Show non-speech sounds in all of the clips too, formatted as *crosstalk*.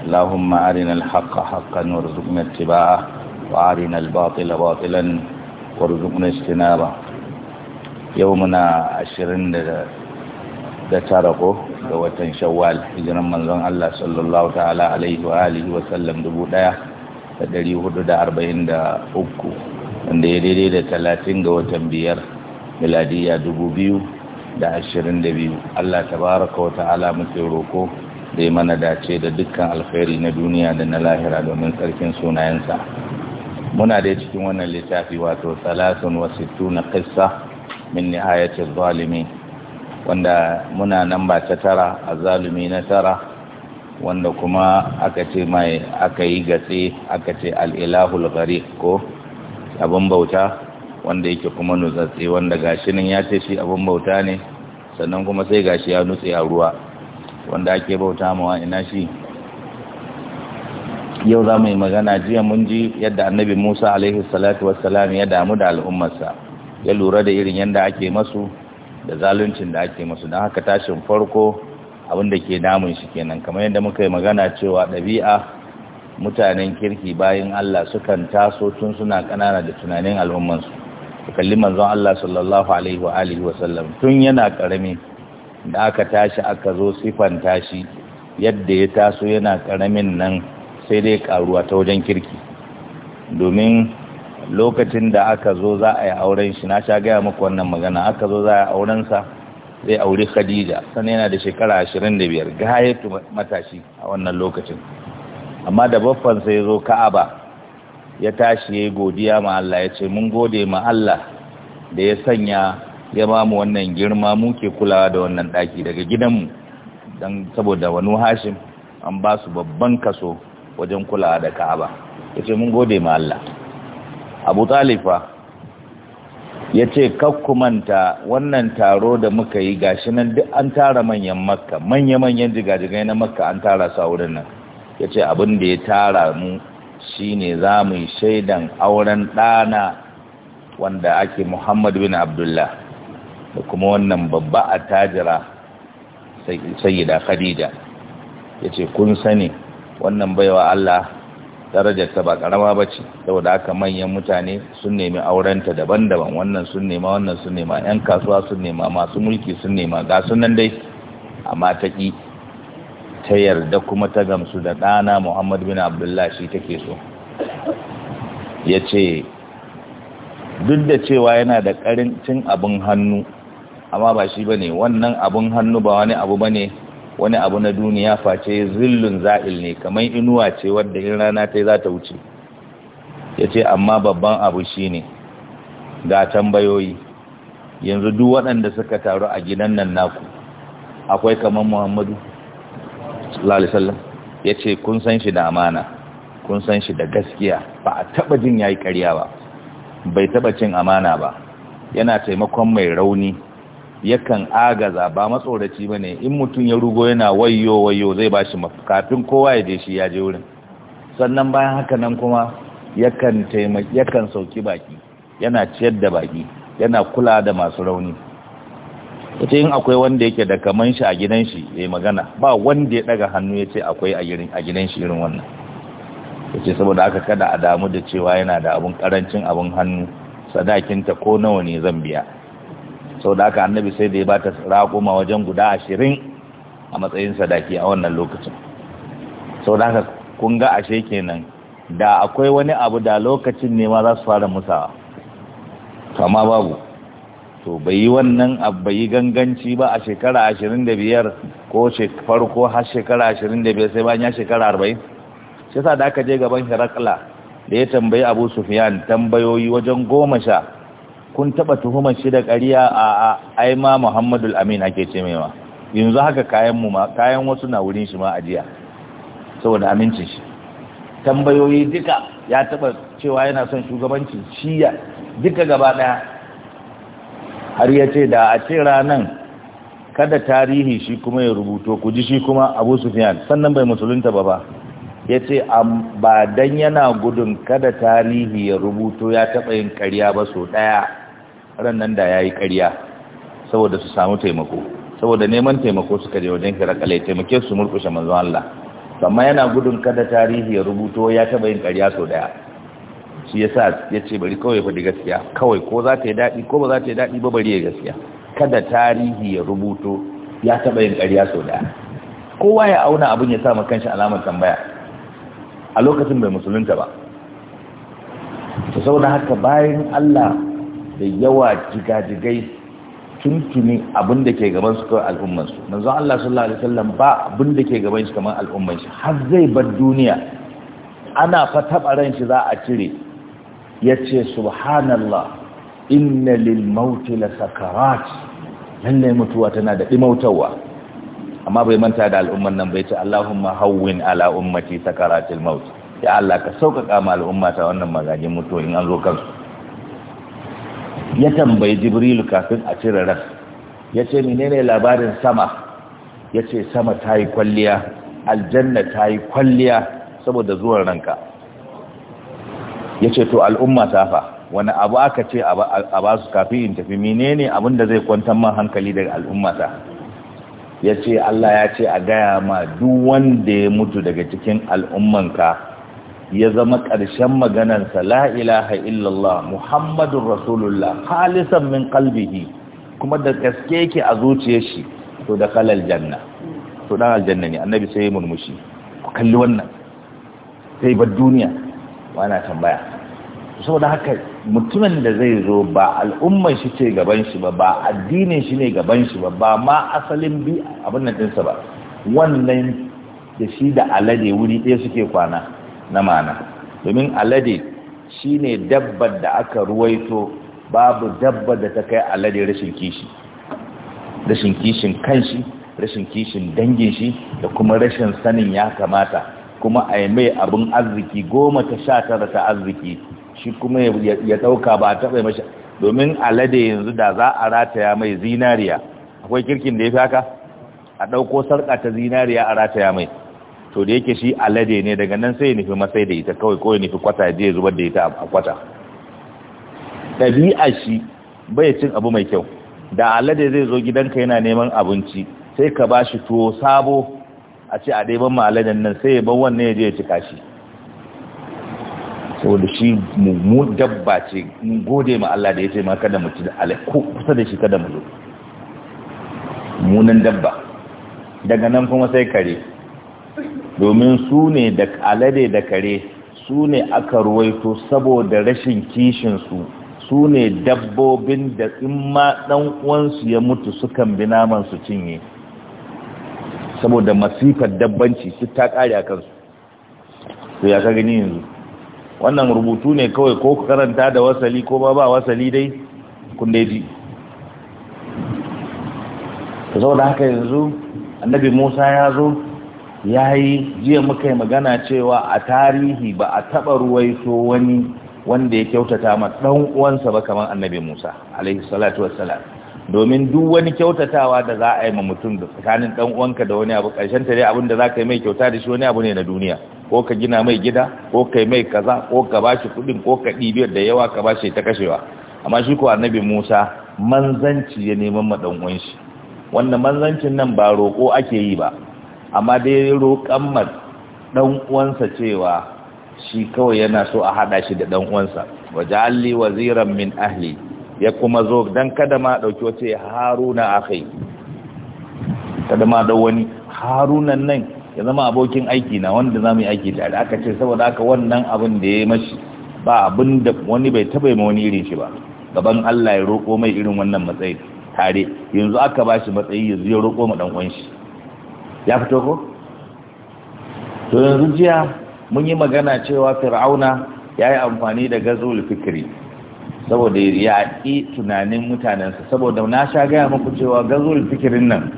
اللهم أرنا الحق حقا وارزقنا اتباعه وأرنا الباطل باطلا وارزقنا اجتنابه يومنا عشرين da tarako ga watan shawwal hijiran manzon Allah sallallahu ta'ala alaihi wa alihi wa sallam dubu daya da dari hudu da arba'in da uku wanda ya daidai da talatin ga watan biyar miladiya dubu biyu da ashirin da biyu Allah tabaraka wa ta'ala muke roko da ya mana dace da dukkan alkhairi na duniya da na lahira domin tsarkin sunayensa muna da cikin wannan littafi wato salatun wasu na kissa min nihayatul zalimi wanda muna nan ba ta tara a zalumi na tara wanda kuma aka ce mai aka yi gatse aka ce al'ilahul gari ko abin bauta wanda yake kuma nutsatse wanda gashinin ya ce shi abin bauta ne sannan kuma sai gashi ya nutse a ruwa wanda ake bauta mawa ina shi yau za mu yi magana jiya mun ji yadda annabi musa alaihi salatu wassalam ya damu da al'ummarsa ya lura da irin yadda ake masu da zaluncin da ake masu don haka tashin farko abin da ke damun shi kenan kamar yadda muka yi magana cewa ɗabi'a mutanen kirki bayan allah sukan taso tun suna ƙanana da tunanin al'ummarsu su kalli manzon allah sallallahu alaihi wa alihi tun yana ƙarami da aka tashi aka zo sifanta tashi yadda ya taso yana karamin nan sai dai karuwa ta wajen kirki domin lokacin da aka zo za a yi auren shi na sha gaya muku wannan magana aka zo za a yi aurensa zai auri khadija sannan yana da shekara ashirin da biyar ga gayatu matashi a wannan lokacin amma da baffansa ya zo ka'aba ya tashi ya yi godiya ma Allah ya ce mun gode ma Allah da ya sanya ya ba mu wannan girma muke kulawa da wannan ɗaki daga gidanmu don saboda wani hashim an ba su babban kaso wajen kulawa da ka'aba ya ce mun gode ma Allah abu talifa ya ce kakkumanta wannan taro da muka yi gashi nan duk an tara manyan makka manya-manyan jigajigai na makka an tara a wurin nan ya ce abin da ya tara mu shine za mu yi shaidan auren ɗana wanda ake muhammad bin abdullah da kuma wannan babba a tajira da khadija ya ce kun sani wannan baiwa Allah darajarta ba karama ba ce saboda haka manyan mutane sun nemi aurenta daban-daban wannan sun nema wannan sun nema 'yan kasuwa sun nema masu mulki sun nema ga sunan dai amma ta ƙi ta yarda kuma ta gamsu da ɗana muhammad bin Abdullah shi take so ya ce duk da cewa yana da ƙarancin abin hannu amma ba shi bane wannan abun hannu ba wani abu bane wani abu na duniya face zillun za'il ne kamar inuwa ce wadda in rana ta za ta wuce ya ce amma babban abu shine ga tambayoyi yanzu duk waɗanda suka taru a gidan nan naku akwai kamar muhammadu lalisallam ya ce kun san shi da amana kun san shi da gaskiya ba a taɓa jin ya yi ƙarya ba bai taɓa cin amana ba yana taimakon mai rauni yakan agaza ba matsoraci ba ne in mutum ya rugo yana wayo wayo zai ba shi kafin kowa ya je shi ya je wurin sannan bayan haka nan kuma yakan taimaki yakan sauki baki yana ciyar da baki yana kula da masu rauni ita yin akwai wanda yake da kaman shi a gidan shi ya magana ba wanda ya daga hannu ya ce akwai a gidan shi irin wannan ya ce saboda aka kada a damu da cewa yana da abun karancin abin hannu sadakinta ko nawa ne zan biya sau da aka annabi sai da ya ba ta raƙuma wajen guda ashirin a matsayin sadaki a wannan lokacin sau da aka kun ga ashe kenan da akwai wani abu da lokacin ne ma za su fara musawa kama babu to bai yi wannan bai yi ganganci ba a shekara ashirin da biyar ko farko har shekara ashirin da biyar sai bayan ya shekara arba'in shi sa da aka je gaban herakla da ya tambayi abu sufiyan tambayoyi wajen goma sha kun taba tuhumar shi da ƙariya? a aima ma Muhammadu Amin ake ce mai ma yanzu haka kayan mu ma kayan wasu na wurin shi ma ajiya saboda amincin shi tambayoyi duka ya taba cewa yana son shugabanci shiya duka gaba daya har ya ce da a ce ranan kada tarihi shi kuma ya rubuto ku ji shi kuma Abu Sufyan sannan bai musulunta ba ba ya ce ba dan yana gudun kada tarihi ya rubuto ya taɓa yin karya ba so ɗaya nan da yayi ƙarya saboda su samu taimako saboda neman taimako suka je wajen kira ƙalai, taimake su murkushe manzo Allah amma yana gudun kada tarihi ya rubuto ya taba yin ƙarya sau daya shi yasa ya ce bari kawai faɗi gaskiya kawai ko za ta yi daɗi ko ba za ta yi daɗi ba bari ya gaskiya kada tarihi ya rubuto ya taba yin ƙarya sau daya kowa ya auna abin ya sa shi alamar tambaya a lokacin bai musulunta ba saboda haka bayan Allah da yawa jigajigai tuntuni abin da ke gaban su kawai al'ummansu manzon Allah sallallahu alaihi wasallam ba abin da ke gaban shi kamar al'umman shi har zai bar duniya ana fa taba ran shi za a cire yace subhanallah inna lil maut la sakarat lalle mutuwa tana da dimautawa amma bai manta da al'umman nan bai ce Allahumma hawwin ala ummati sakaratil maut ya Allah ka sauƙaƙa ma al'umma ta wannan magajin mutuwa in an zo kansu ya tambayi jibrilu kafin a cire ran ya ce menene labarin sama ya ce sama ta yi kwalliya aljanna ta yi kwalliya saboda zuwan ranka ya ce to al'umma ta fa wani abu aka ce a ba su kafin in tafi menene abin da zai kwantar man hankali daga al'umma ta ya ce Allah ya ce a gaya ma duk wanda ya mutu daga cikin al'ummanka ya zama ƙarshen maganarsa la ilaha illallah muhammadun rasulullah halisan min kalbihi kuma da gaske yake a zuciyar shi to da kalal janna to dan aljanna ne annabi sai ya murmushi ku kalli wannan sai bar duniya na tambaya saboda haka mutumin da zai zo ba al'umman shi ce gaban shi ba ba addinin shi ne gaban shi ba ba ma asalin bi abin nan ɗinsa ba wannan da shi da alade wuri ɗaya suke kwana na ma'ana domin alade shi ne dabbar da aka ruwaito babu dabbar da ta kai alade rashin kishi rashin kishin kanshi rashin kishin dangin shi da kuma rashin sanin ya kamata kuma a mai abin arziki goma ta sha tara ta arziki shi kuma ya ɗauka ba a taɓa mashi domin alade yanzu da za a rataya mai zinariya akwai kirkin da ya fi haka a ɗauko sarƙa ta zinariya a rataya mai to da yake shi alade ne daga nan sai ya nufi masai da ita kawai ko nufi kwata je ya zubar da ita a kwata ɗabi'a shi bai cin abu mai kyau da alade zai zo gidanka yana neman abinci sai ka ba shi tuwo sabo a ce a ɗaiban ma aladen nan sai ya bar wannan ya je ya cika shi saboda shi mu dabba ce gode ma Allah da ya ce ma kada mu ci da alai ko kusa da shi kada mu zo munan dabba daga nan kuma sai kare domin su ne da alade da kare su ne aka ruwaito saboda rashin kishinsu su ne dabbobin da in ma ɗan uwansu ya mutu sukan bi naman cinye saboda masifar dabbanci su ta ƙari a kansu Su ya ka gani yanzu wannan rubutu ne kawai ko karanta da wasali ko ba ba wasali dai kun dai ji saboda haka yanzu annabi musa ya zo ya yi jiya muka yi magana cewa a tarihi ba a taɓa ruwaito wani wanda ya kyautata ma ɗan uwansa ba kamar annabi musa alaihi salatu wassalam domin duk wani kyautatawa da za a yi ma mutum da tsakanin ɗan uwanka da wani abu ƙarshen ta dai abin da za ka yi mai kyauta da shi wani abu ne na duniya ko ka gina mai gida ko ka yi mai kaza ko ka ba shi kuɗin ko ka ɗibiyar da yawa ka ba shi ta kashewa amma shi ko annabi musa manzanci ya neman ma ɗan uwan wannan manzancin nan ba roƙo ake yi ba amma dai roƙan ma dan uwansa cewa shi kawai yana so a haɗa shi da dan uwansa wajalli waziran min ahli ya kuma zo dan kada ma dauki wace haruna akai kada ma da wani harunan nan ya zama abokin aiki na wanda zamu yi aiki tare aka ce saboda haka wannan abin da ya mashi ba abin da wani bai taba ma wani irin shi ba gaban Allah ya roƙo mai irin wannan matsayi tare yanzu aka bashi matsayi yanzu ya roƙo ma dan uwan shi ya fito ko to yanzu jiya mun yi magana cewa fir'auna ya yi amfani da gazul fikiri saboda ya ƙi tunanin mutanensa saboda na sha gaya muku cewa gazul fikirin nan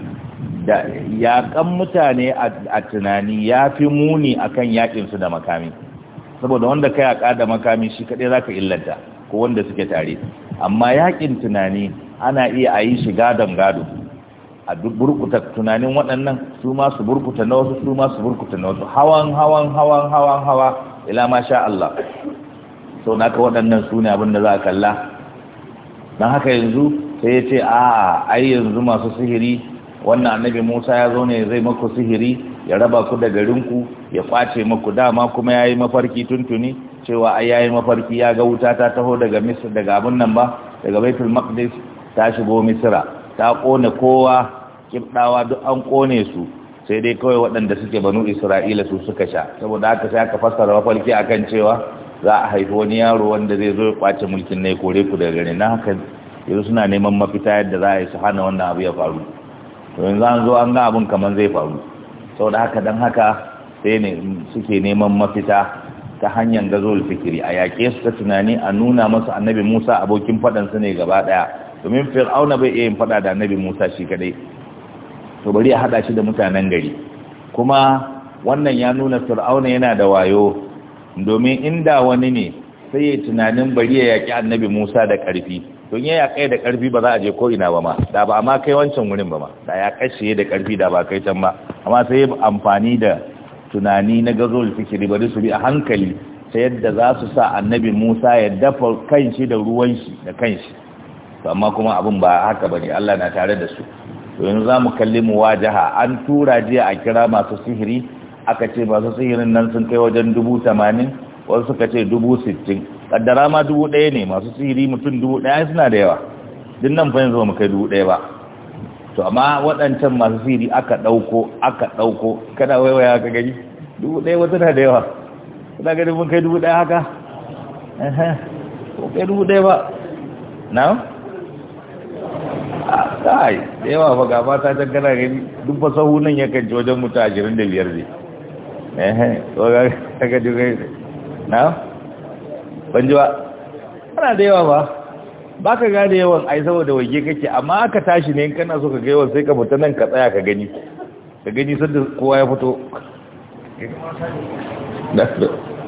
da yaƙan mutane a tunani ya fi muni akan yaƙinsu da makami saboda wanda ka yaƙa da makami shi kaɗai zaka ka illanta ko wanda suke tare amma yaƙin tunani ana iya a yi shiga don gado a duk burkuta tunanin waɗannan su ma burkuta na wasu su ma burkuta na wasu hawan hawan hawan hawan hawa ila ma sha Allah so naka waɗannan su ne abin za a kalla don haka yanzu sai ya ce a ai yanzu masu sihiri wannan annabi Musa ya zo ne zai maku sihiri ya raba ku da garinku ya kwace maku dama kuma ya yi mafarki tuntuni cewa ai ya yi mafarki ya ga wuta ta taho daga misir daga abin nan ba daga baitul maqdis ta shigo misira ta kone kowa kibdawa duk an kone su sai dai kawai waɗanda suke banu isra'ila su suka sha saboda haka sai aka fassara mafarki akan cewa za a haifi wani yaro wanda zai zo ya kwace mulkin na kore ku daga gare na haka yanzu suna neman mafita yadda za a yi su hana wannan abu ya faru to yanzu an zo an ga abun kamar zai faru saboda haka dan haka sai ne suke neman mafita ta hanyar gazo fikiri a yaƙe su ta tunani a nuna masu annabi musa abokin faɗansu ne gaba ɗaya domin fir'auna bai iya yin faɗa da annabi musa shi kadai to bari a haɗa shi da mutanen gari kuma wannan ya nuna fir'auna yana da wayo domin inda wani ne sai ya tunanin bari ya yaki annabi musa da karfi don ya yaƙai da karfi ba za a je ko ina ba ma da ba amma kai wancan wurin ba ma da ya kashe da karfi da ba kai can ba amma sai ya amfani da tunani na gazo fikiri bari su bi a hankali ta yadda za su sa annabi musa ya dafa kanshi da ruwan shi da kanshi to amma kuma abin ba haka bane Allah na tare da su to yanzu zamu kalli muwajaha an tura jiya a kira masu sihiri aka ce masu sihirin nan sun kai wajen dubu tamanin wasu suka ce dubu sittin kaddara ma dubu ɗaya ne masu sihiri mutum dubu ɗaya suna da yawa din nan fa yanzu mu kai dubu ɗaya ba to amma waɗancan masu sihiri aka ɗauko aka ɗauko kana waiwaya ka gani dubu ɗaya wata na da yawa kada ganin mun kai dubu ɗaya haka ko kai dubu ɗaya ba na'am kai da yawa ba ga ba ta gana gani duk ba sahu nan ya kanci wajen mutu ashirin da biyar ne eh to ga kaga duka na ban ji ba ana da yawa ba ba ka gane yawan ai saboda wage kake amma aka tashi ne kana so ka ga yawan sai ka fita nan ka tsaya ka gani ka gani sanda kowa ya fito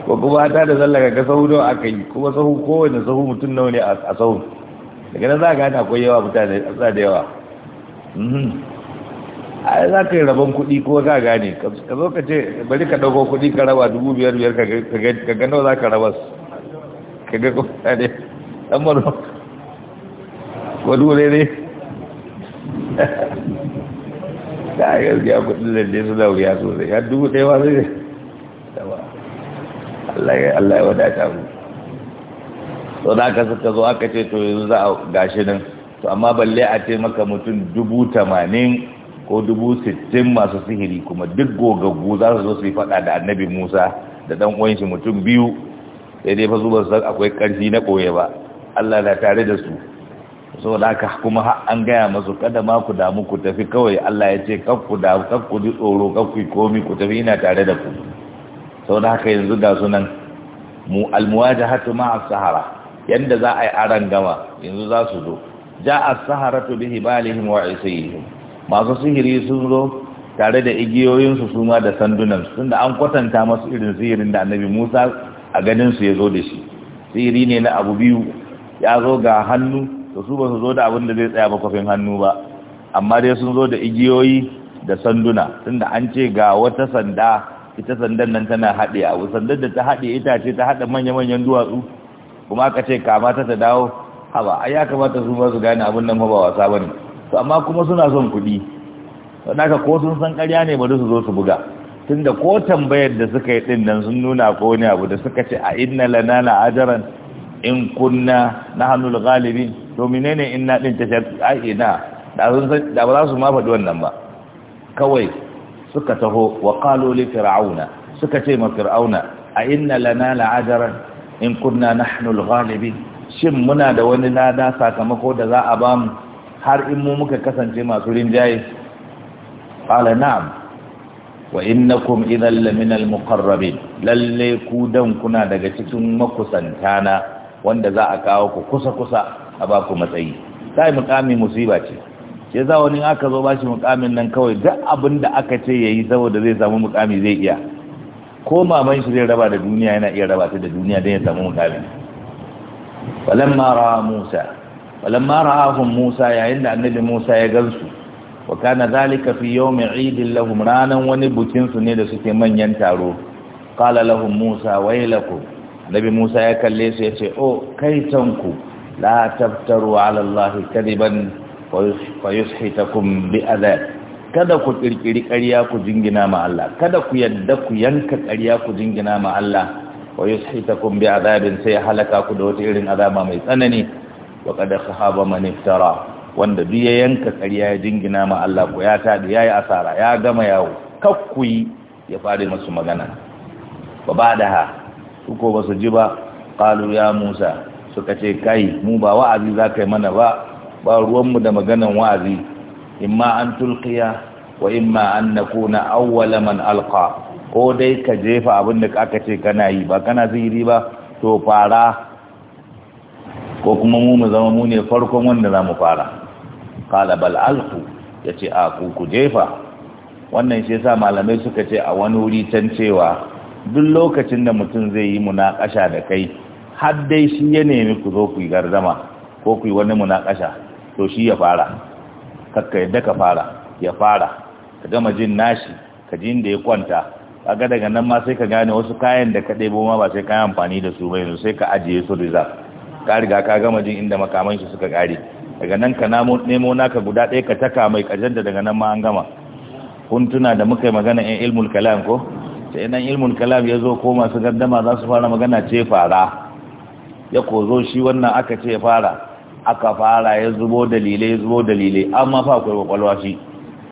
ko kuma ta da zallaka ga sahu don aka yi kuma sahu kowane sahu mutum nawa ne a sahu daga nan za ka gane akwai yawa mutane a tsada yawa mhm. a za ka yi rabon kuɗi ko ka gane ka zo ka ce bari ka ɗauko kuɗi ka raba dubu biyar biyar ka gano za ka raba su ka ga kuma ne ɗan maro ko dole ne ta *laughs* gaskiya kuɗin lalle suna wuya sosai ya dubu ɗaya ba zai Allah ya wadata mu sau da aka suka zo aka ce to yanzu za a gashi nan to amma balle a ce maka mutum dubu tamanin ko dubu sittin masu sihiri kuma duk gogaggu za su zo su yi faɗa da annabi musa da ɗan uwanshi mutum biyu sai dai fa zuba san akwai ƙarfi na ɓoye ba allah na tare da su da kuma an gaya masu kada ma ku damu ku tafi kawai Allah ya ce kan ku damu kan ku ji tsoro kan ku komi ku tafi ina tare da ku da haka yanzu ga sunan mu ma a sahara yadda za a yi aran gama yanzu za su zo ja a saharatu bihi balihim wa isayhim masu sihiri sun zo tare da igiyoyinsu su ma da sandunan su tunda an kwatanta masu irin sihirin da annabi Musa a ganin su ya zo da shi sihiri ne na abu biyu ya zo ga hannu to su ba su zo da abin da zai tsaya ba kwafin hannu ba amma dai sun zo da igiyoyi da sanduna tunda an ce ga wata sanda ita sandan nan tana haɗe abu sandar da ta haɗe itace ta haɗa manya-manyan duwatsu kuma aka ce kama ta ta dawo haba ai ya kamata su ba su gane abin nan ba wasa bane to amma kuma suna son kudi don haka ko sun san ƙarya ne ba su zo su buga tunda ko tambayar da suka yi din nan sun nuna ko wani abu da suka ce a inna lana la ajran in kunna nahnu al-ghalibin to menene inna din ta a ina da sun da ba za su ma faɗi wannan ba kawai suka taho wa qalu fir'auna suka ce ma fir'auna a inna lana la in kunna nahnu al ghalibi shin muna da wani lada sakamako da za a ba mu har in mu muka kasance masu rinjaye qala na'am wa innakum idhal lamin al-muqarrabin lalle ku dan kuna daga cikin makusantana wanda za a kawo ku kusa kusa a ba ku matsayi sai mukami musiba ce Ya za wani aka zo shi mukamin nan kawai duk abin da aka ce yayi saboda zai samu mukami zai iya ko maman shi zai raba da duniya yana iya raba ta da duniya don ya samu mukami falamma ra'a musa falamma ra'ahum musa yayin da annabi musa ya gansu wa kana zalika fi yawmi idin lahum ranan wani bukin su ne da suke manyan taro kala lahum musa waylakum annabi musa ya kalle su yace oh kaitanku la taftaru ala allahi kadiban fa yushitakum bi adab kada ku kirkiri ƙarya ku jingina ma Allah kada ku yadda ku yanka ƙarya ku jingina ma Allah wa yushitakum bi azabin sai halaka ku da wata irin azaba mai tsanani wa qad khaba man iftara wanda duk ya yanka ƙarya ya jingina ma Allah ko ya tadi yayi asara ya gama yawo kakkuyi ya fare masu magana ba badaha ko ba su ji ba qalu ya Musa suka ce kai mu ba wa'azi zakai mana ba ba mu da maganan wa'azi imma an tulqiya wa imma an kuna awwala man alqa ko dai ka jefa abin da aka ce kana yi ba kana zihiri ba to fara ko kuma mu mu zama mu ne farkon wanda za mu fara qala bal ya ce a ku ku jefa wannan shi yasa malamai suka ce a wani wuri can cewa duk lokacin da mutum zai yi munakasha da kai har dai shi ya nemi ku zo ku yi gardama ko ku yi wani munakasha to shi ya fara kakka yadda ka fara ya fara ka gama jin nashi ka ji inda ya kwanta ga daga nan ma sai ka gane wasu kayan da ka ɗebo ma ba sai kayan amfani da su ba yanzu sai ka ajiye su reserve ka riga ka gama jin inda makaman shi suka kare daga nan ka nemo naka guda ɗaya ka taka mai kajan da daga nan ma an gama kun tuna da muka yi magana in ilmul kalam ko sai nan ilmul kalam ya zo ko masu gardama za su fara magana ce fara ya kozo shi wannan aka ce fara aka fara ya zubo dalilai ya zubo dalilai amma fa akwai kwakwalwa shi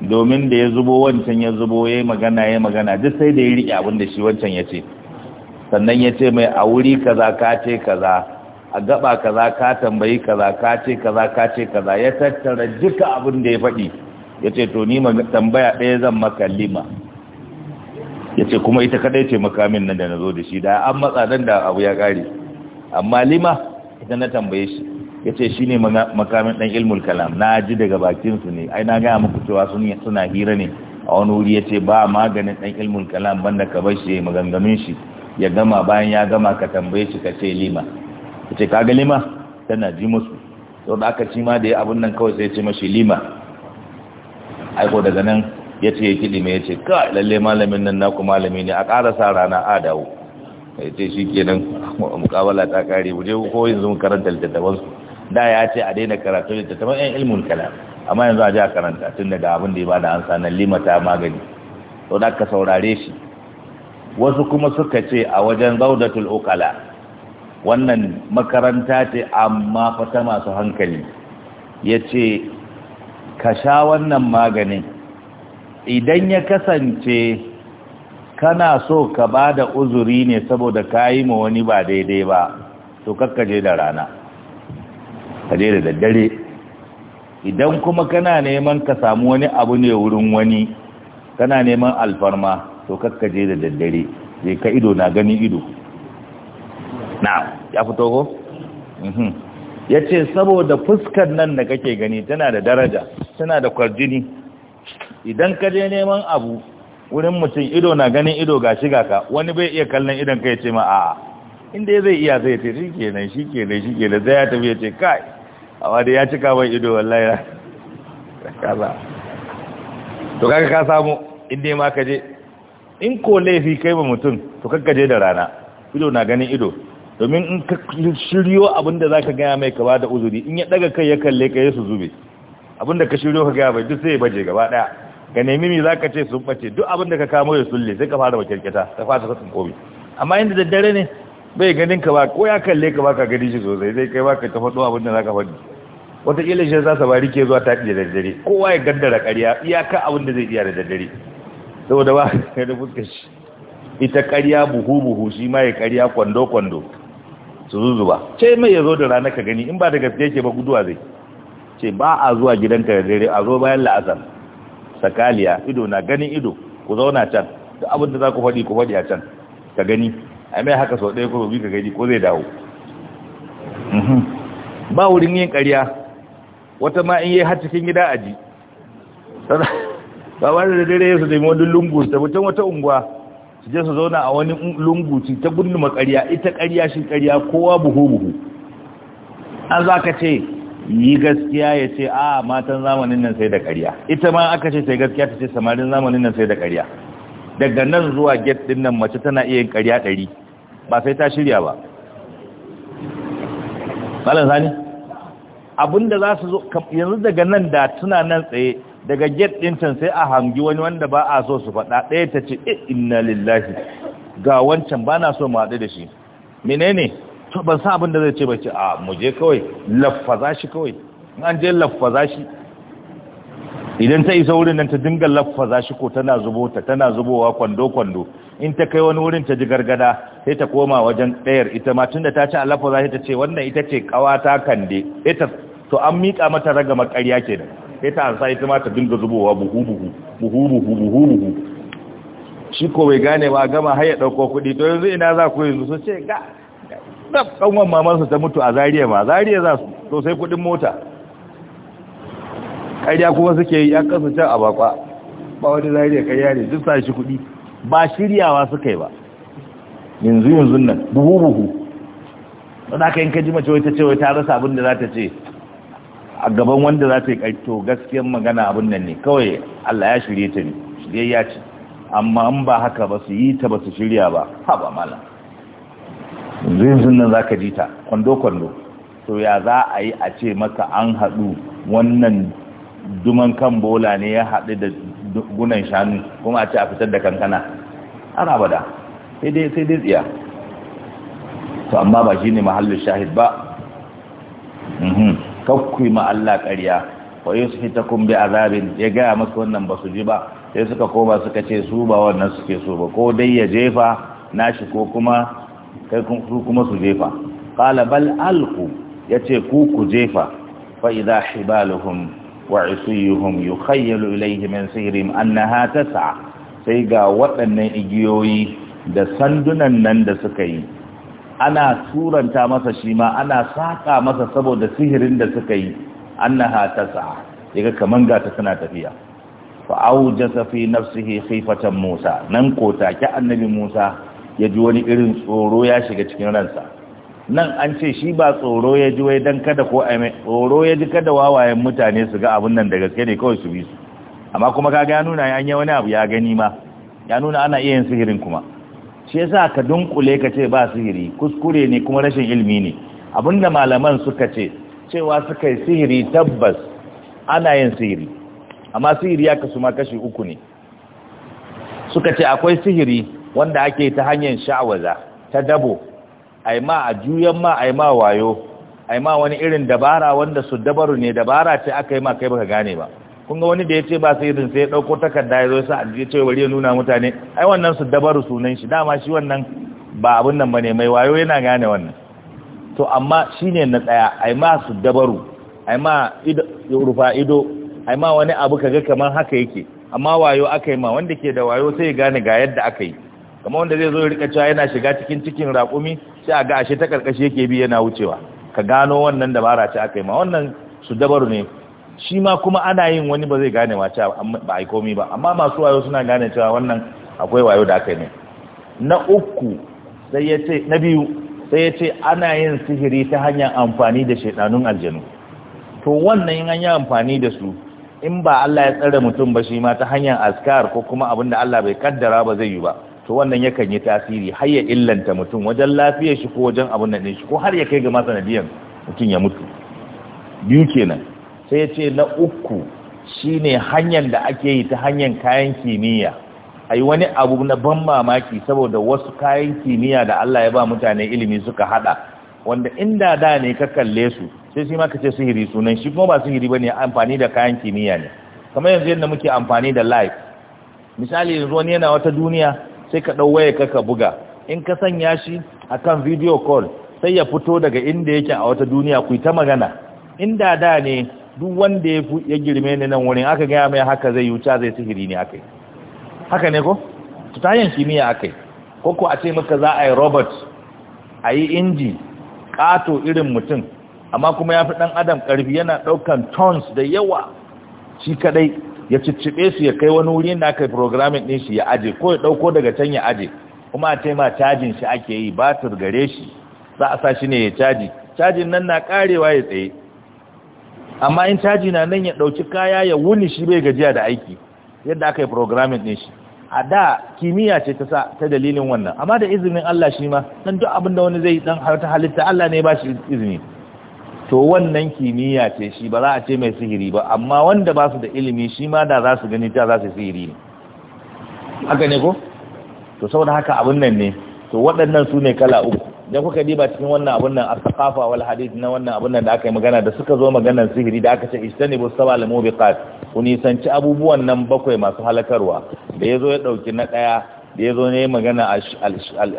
domin da ya zubo wancan ya zubo ya yi magana ya yi magana duk sai da ya riƙe abin da shi wancan ya ce sannan ya ce mai a wuri kaza ka ce kaza a gaba kaza ka tambayi kaza ka ce kaza ka ce kaza ya tattara duka abin da ya faɗi ya ce to ni tambaya ɗaya zan maka lima ya ce kuma ita kadai ce makamin nan da na zo da shi da an matsa nan da abu ya ƙare amma lima ita na tambaye shi yace ne makamin dan ilmul kalam na ji daga bakin su ne ai na ga muku cewa sun suna hira ne a wani wuri yace ba maganin dan ilmul kalam banda ka bar shi maganganun shi ya gama bayan ya gama ka tambaye shi ka ce lima yace kaga lima tana ji musu to da aka ci ma da ya abun nan kawai sai ya ce mashi lima ai ko daga nan yace ya kidi me yace ka lalle malamin nan naku malami ne a sa rana a dawo ya ce shi kenan mukabala ta kare mu ko yanzu mu karanta littattafansu da ya ce a daina karatu littattafan yan ilmun kalam amma yanzu a ji a karanta tun daga abin da ya bada ansa na limata magani to da ka saurare shi wasu kuma suka ce a wajen zaudatul ukala wannan makaranta ce amma fa ta masu hankali ya ce ka sha wannan maganin idan ya kasance kana so ka ba da uzuri ne saboda ka yi ma wani ba daidai ba to kakkaje da rana ka je da daddare idan kuma kana neman ka samu wani abu ne wurin wani kana neman alfarma to kakka je da daddare je ka ido na gani ido na ya fito ko mhm. ya ce saboda fuskar nan da kake gani tana da daraja tana da kwarjini idan ka je neman abu wurin mutum ido na ganin ido ga shiga ka wani bai iya kallon idon ka ya ce ma a'a inda zai iya zai ce shi kenan shi kenan shi kenan zai ya tafi ya ce kai amma da ya cika mai ido wallahi ya kaza to kaga ka samu inda ma ka je in ko laifi kai ba mutum to kaga je da rana ido na ganin ido domin in ka shiryo abinda zaka ga gaya mai ka da uzuri in ya daga kai ya kalle ka ya su zube abinda ka shiryo ka gaya bai duk sai ya baje gaba daya ga nemi mi zaka ce sun bace duk abinda ka kamo ya sulle sai ka fara ba kirkita ta fara ka kobi amma inda daddare ne bai ganin ka ba ko ya kalle ka ba ka gani shi sosai sai kai ba ka ta faɗo abinda zaka faɗi wataƙila shi za bari ke zuwa ta taɗi da daddare kowa ya gaddara ƙarya iyaka abin da zai iya da daddare saboda ba ka *laughs* da fuskar shi ita ƙarya buhu-buhu shi ma ya ƙarya kwando-kwando su ba ce mai ya zo da rana ka gani in ba da gaske ke ba guduwa zai ce ba a zuwa gidanka da dare a zo bayan la'asar sakaliya ido na ganin ido ku zauna can duk abin da za ku faɗi ku faɗi a can ka gani a mai haka sau ɗaya ka gani ko zai dawo mhm. ba wurin yin ƙarya wata ma in yi har cikin gida a ji ba da dare su nemi wani lungu ta mutum wata unguwa su je su zauna a wani lungu ci ta gudun karya ita karya shi karya kowa buhu buhu an za ka ce yi gaskiya ya ce a matan zamanin nan sai da karya ita ma aka ce sai gaskiya ta ce samarin zamanin nan sai da karya daga nan zuwa get din nan mace tana iya yin karya ɗari ba sai ta shirya ba malam sani abinda za su zo yanzu daga nan da tuna nan tsaye daga get din can sai a hangi wani wanda ba a so su faɗa ɗaya ta ce eh, inna lillahi ga wancan ba na so mu da shi menene to ban san abin da zai ce ba ce a ah, muje je kawai laffaza shi kawai in an je laffaza shi idan ta isa wurin nan ta dinga laffaza shi ko tana zubo ta tana zubowa kwando kwando in ta kai wani wurin ta ji gargada sai ta koma wajen ɗayar ita ma tunda ta ci a laffaza sai ta ce wannan ita ce kawata kande ita to an miƙa mata ragamar ƙarya kenan ya ta ansa ita tumata dinga zubowa buhu buhu buhu buhu buhu buhu shi ko bai gane ba gama haya dauko ɗauko kuɗi to yanzu ina za ku yanzu su ce ga ɗan ƙanwan mamansu ta mutu a zariya ma zariya za su to sai kuɗin mota ƙarya kuma suke yi an kasu can a bakwa ba wani zariya ƙarya ne duk sa shi kuɗi ba shiryawa suka yi ba yanzu yanzu nan buhu buhu don haka yin kaji mace wai ta ce wai ta rasa abin da za ta ce a gaban wanda za ta yi ƙarto gaskiyar magana abin nan ne kawai Allah ya shirye ta ne shirye ya ce amma in ba haka ba su yi ta ba su shirya ba ha ba mala yanzu nan za ka ji ta kwando-kwando to ya za a yi a ce maka an haɗu wannan duman kan bola ne ya haɗu da gunan shanu kuma a ce a fitar da kankana ana bada sai dai tsiya to amma ba shi ne mahallin shahid ba mhm. kakku ma Allah ƙarya wa kumbi a zabin? ya gaya masu wannan basu ji ba sai suka koma suka ce su ba wannan suke so ba ko dai ya jefa nashi ko kuma kai su kuma su jefa qala bal ya yace ku ku jefa fa'iza idha hibaluhum wa isuyuhum yukhayyalu ilayhi min sihrihim annaha tas'a sai ga waɗannan igiyoyi da sandunan nan da suka yi ana turanta masa shi ma ana saka masa saboda sihirin da suka yi annaha tas'a yaga kaman gata tana tafiya fa aujasa fi nafsihi khifatan Musa nan ko take annabi Musa ya ji wani irin tsoro ya shiga cikin ransa nan an ce shi ba tsoro ya ji wai dan kada ko ai tsoro ya ji kada wawayen mutane su ga abun nan da gaske ne kawai su bi su amma kuma kaga ya nuna an yi wani abu ya gani ma ya nuna ana iya yin sihirin kuma shi yasa ka dunkule ka ce ba sihiri kuskure ne kuma rashin ilimi ne abinda malaman suka ce cewa suka yi sihiri tabbas ana yin sihiri amma sihiri ya kasu ma kashi uku ne suka ce akwai sihiri wanda ake ta hanyar sha'awaza ta dabo Aima a juyan ma Aima wayo Aima wani irin dabara wanda su dabaru ne dabara ce aka yi ma kai baka gane ba kun ga wani da ya ce ba sai irin sai ya ɗauko takarda ya zo sa a ya ce wari ya nuna mutane ai wannan su dabaru sunan shi dama shi wannan ba abin nan bane mai wayo yana gane wannan to amma shine na tsaya ai ma su dabaru ai ma ido rufa ido ai ma wani abu kaga kamar haka yake amma wayo aka yi ma wanda ke da wayo sai ya gane ga yadda aka yi kamar wanda zai zo ya rika cewa yana shiga cikin cikin raƙumi sai a ga ashe ta karkashi yake bi yana wucewa ka gano wannan dabara ce aka yi ma wannan su dabaru ne shi ma kuma ana yin wani ba zai gane wace cewa ba yi komi ba amma masu wayo suna gane cewa wannan akwai wayo da aka yi na uku sai ya ce na biyu sai ya ce ana yin sihiri ta hanyar amfani da shaidanun aljanu to wannan in an yi amfani da su in ba Allah ya tsare mutum ba shi ma ta hanyar askar ko kuma abin da Allah bai kaddara ba zai yi ba to wannan yakan yi tasiri har ya illanta mutum wajen lafiyar shi ko wajen abin da shi ko har ya kai ga masanadiyan mutum ya mutu biyu kenan sai ya ce na uku shine hanyar da ake yi ta hanyar kayan kimiyya a yi wani abu na ban mamaki saboda wasu kayan kimiyya da Allah ya ba mutane ilimi suka hada wanda inda da ne ka kalle su sai shi maka ce sihiri sunan shi kuma ba sihiri ba ne amfani da kayan kimiyya ne kamar yanzu yadda muke amfani da live misali yanzu wani yana wata duniya sai ka ɗau waya ka ka buga in ka sanya shi a kan video call sai ya fito daga inda yake a wata duniya ku ta magana inda da ne duk wanda ya fi ya girme ni nan wurin aka gaya mai haka zai yuca zai sihiri ne akai haka ne ko tutayen kimiyya akai ko ku a ce maka za a yi robot a yi inji kato irin mutum amma kuma ya fi ɗan adam karfi yana ɗaukan tons da yawa shi kaɗai ya ciccibe su ya kai wani wuri da aka yi programming ɗin shi ya aje ko ya ɗauko daga can ya aje kuma a ce cajin shi ake yi batir gare shi za a sa shi ne ya caji cajin nan na karewa ya tsaye amma in caji na nan ya ɗauki kaya ya wuni shi bai gajiya da aiki yadda aka yi programming ne shi a da kimiyya ce ta sa ta dalilin wannan amma da izinin Allah shi ma dan duk abin da wani zai dan harta halitta Allah ne ba shi izini to wannan kimiyya ce shi ba za a ce mai sihiri ba amma wanda ba su da ilimi shi ma da za su gani ta za su sihiri ne haka ne ko to saboda haka abin nan ne to waɗannan su ne kala uku da kuka diba cikin wannan abun nan as-saqafa wal hadith na wannan abun nan da aka yi magana da suka zo maganar sihiri da aka ce bu sabal mubiqat ku nisanci abubuwan nan bakwai masu halakarwa da yazo ya dauki na daya da yazo ne magana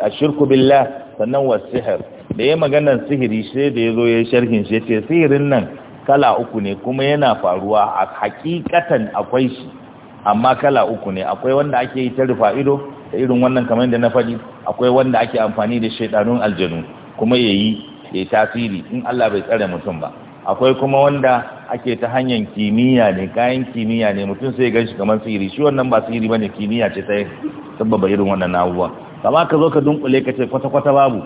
ashirku billah sannan was sihr da yayi maganar sihiri sai da yazo ya sharhin shi yace sihirin nan kala uku ne kuma yana faruwa a hakikatan akwai shi amma kala uku ne akwai wanda ake yi ta rufa ido irin wannan kamar da na faɗi akwai wanda ake amfani da shaidanun aljanu kuma ya yi ya tasiri in Allah bai tsare mutum ba akwai kuma wanda ake ta hanyar kimiyya ne kayan kimiyya ne mutum sai gan shi kamar sihiri shi wannan ba sihiri ne kimiyya ce ta sababa irin wannan abubuwa kama ka zo ka dunkule ka ce kwata kwata babu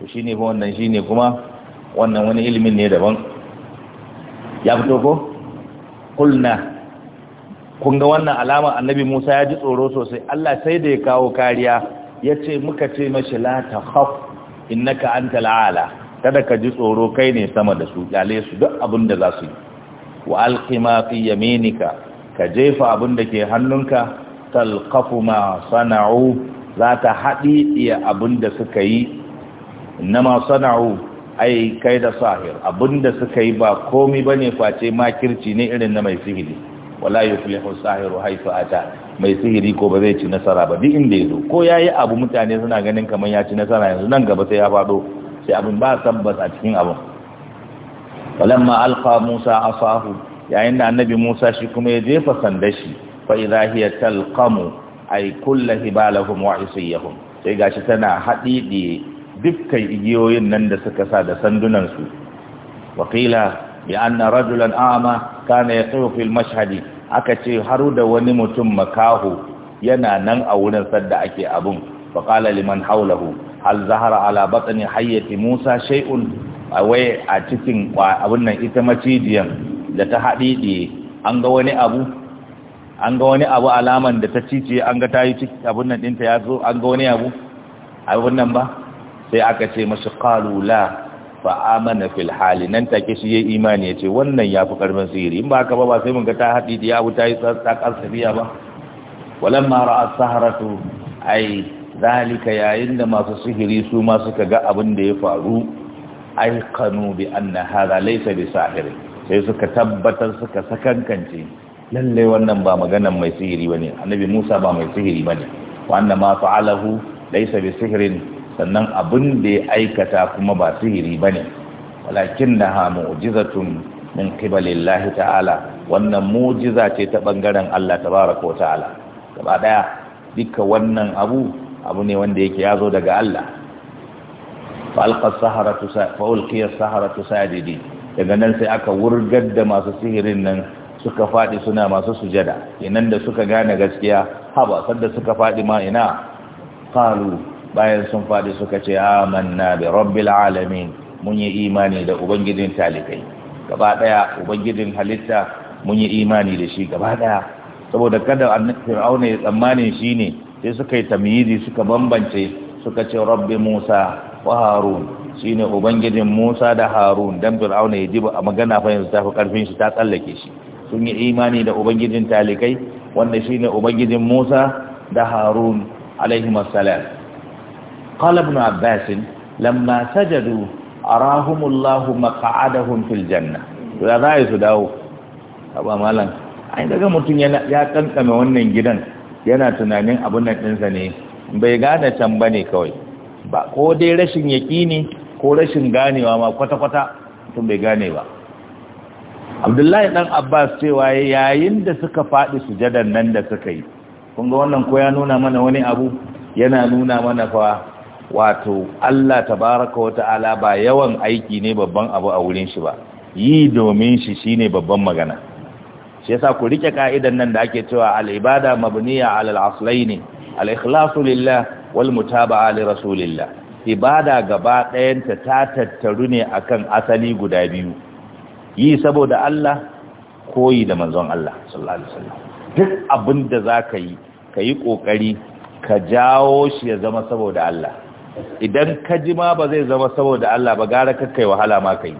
to shine fa wannan shine kuma wannan wani ilimin ne daban ya fito ko kulna kun ga wannan alama annabi Musa ya ji tsoro sosai Allah sai da ya kawo kariya ya ce muka ce mashi la ta khaf innaka anta ala kada ka ji tsoro kai ne sama da su kyale su duk abin da za su yi wa alqima fi yaminika ka jefa abin da ke hannunka talqafu ma sana'u za ta haɗi iya abin da suka yi innama sana'u ai kai da sahir abin da suka yi ba komai bane face makirci ne irin na mai sihiri wala yuflihu sahiru haythu ata mai sihiri ko ba zai ci nasara ba duk inda yazo ko yayi abu mutane suna ganin kamar ya ci nasara yanzu nan gaba sai ya fado sai abin ba tabbas a cikin abin walamma alqa musa asahu yayin da annabi musa shi kuma ya jefa sandar shi fa idha hiya talqamu ay kullu hibalahum wa isiyahum sai gashi tana hadidi dukkan igiyoyin nan da suka sa da sandunan su وقيل بأن رجلا ama كان يقف في المشهد aka ce haru da wani mutum makaho yana nan a wurin sadda ake abun faƙala liman haulahu hal zahara ala batsani hayyati musa shay'un awai a cikin abun nan ita macijiyan da ta haɗiɗiye an ga wani abu an ga wani abu alaman da ta cice an ga ta yi abun nan ɗinta ya zo an ga wani abu abun nan ba sai aka ce mashi ƙalula fa'amana amana fil hali nan take shi yayi imani ce wannan yafi karfin sihiri in ba ka ba ba sai mun ga ta hadi da yawu ta yi ta kasabiya ba walamma ra'a saharatu ai zalika yayin da masu sihiri su ma suka ga abin da ya faru ai kanu bi anna hada laysa bi sahir sai suka tabbatar suka sakankance lallai wannan ba maganan mai sihiri bane annabi Musa ba mai sihiri bane ne anna ma fa'alahu laysa bi sihrin sannan abin da ya aikata kuma ba sihiri ba ne walakin na ha mu'jizatun min qibalillahi ta'ala wannan mu'jiza ce ta bangaren Allah tabaraka wa ta'ala gaba daya duka wannan abu abu ne wanda yake yazo daga Allah Fa'ulkiyar Sahara saharatu fa daga nan sai aka wurgar da masu sihirin nan suka faɗi suna masu sujada inan da suka gane gaskiya haba da suka faɗi ma ina qalu bayan sun faɗi suka ce amanna bi rabbil alamin mun yi imani da ubangijin talikai gaba daya ubangijin halitta mun yi imani da shi gaba daya saboda kada fir'auna ya tsammanin shine sai suka yi tamyizi suka bambance suka ce rabbi musa wa harun shine ubangijin musa da harun dan fir'auna ya jiba a magana fa yanzu ta fi karfin shi ta tsallake shi sun yi imani da ubangijin talikai wanda shine ubangijin musa da harun alaihi salam قال ابن عباس لما سجدوا أراهم الله مقعدهم في الجنة da za a yi su dawo abuwa malam an daga mutum ya wannan gidan yana tunanin abun nan ɗinsa ne bai gane can bane kawai ba ko dai rashin yakini ko rashin ganewa ma kwata-kwata tun bai gane ba abdullahi ɗan abbas cewa yayin da suka faɗi sujadan nan da suka yi kun ga wannan ko ya nuna mana wani abu yana nuna mana fa wato Allah tabaraka wa ta'ala ba yawan aiki ne babban abu a wurin shi ba yi domin shi shine babban magana shi yasa ku rike ka'idan nan da ake cewa al-ibada mabniya 'ala al-aslayn al-ikhlasu lillah wal mutaba'a li rasulillah ibada gaba ɗayanta ta tattaru ne akan asali guda biyu yi saboda Allah koyi da manzon Allah sallallahu alaihi wasallam duk abin da zaka yi kayi kokari ka jawo shi ya zama saboda Allah idan ka ji ma ba zai zama saboda Allah ba gara kai wahala ma kai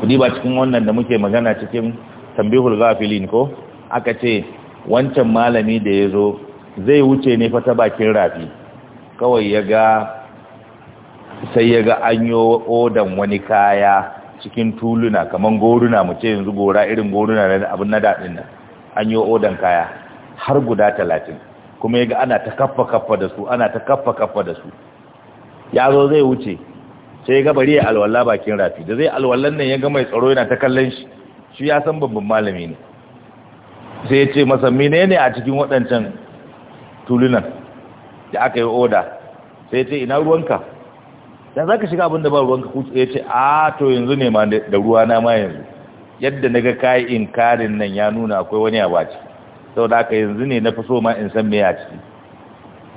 kudi ba cikin wannan da muke magana cikin tambihul ghafilin ko aka ce wancan malami da ya zo zai wuce ne fa ta bakin rafi kawai ya ga sai ya ga an yi odan wani kaya cikin tuluna kamar goruna mu ce yanzu gora irin goruna na abun na daɗin nan anyo yi odan kaya har guda talatin kuma yaga ana ta kaffa kaffa da su ana ta kaffa kaffa da su ya zo zai wuce sai ya ga bari ya alwala bakin rafi da zai alwallan nan ya ga mai tsaro yana ta kallon shi shi ya san babban malami ne sai ya ce masa menene a cikin waɗancan tulunan da aka yi oda sai ya ce ina ruwanka da za ka shiga abin da ba ruwanka ku ya ce a to yanzu ne ma da ruwa na ma yanzu yadda na ga kayi inkarin nan ya nuna akwai wani abaci da aka yanzu ne na fi so ma in san me ya ciki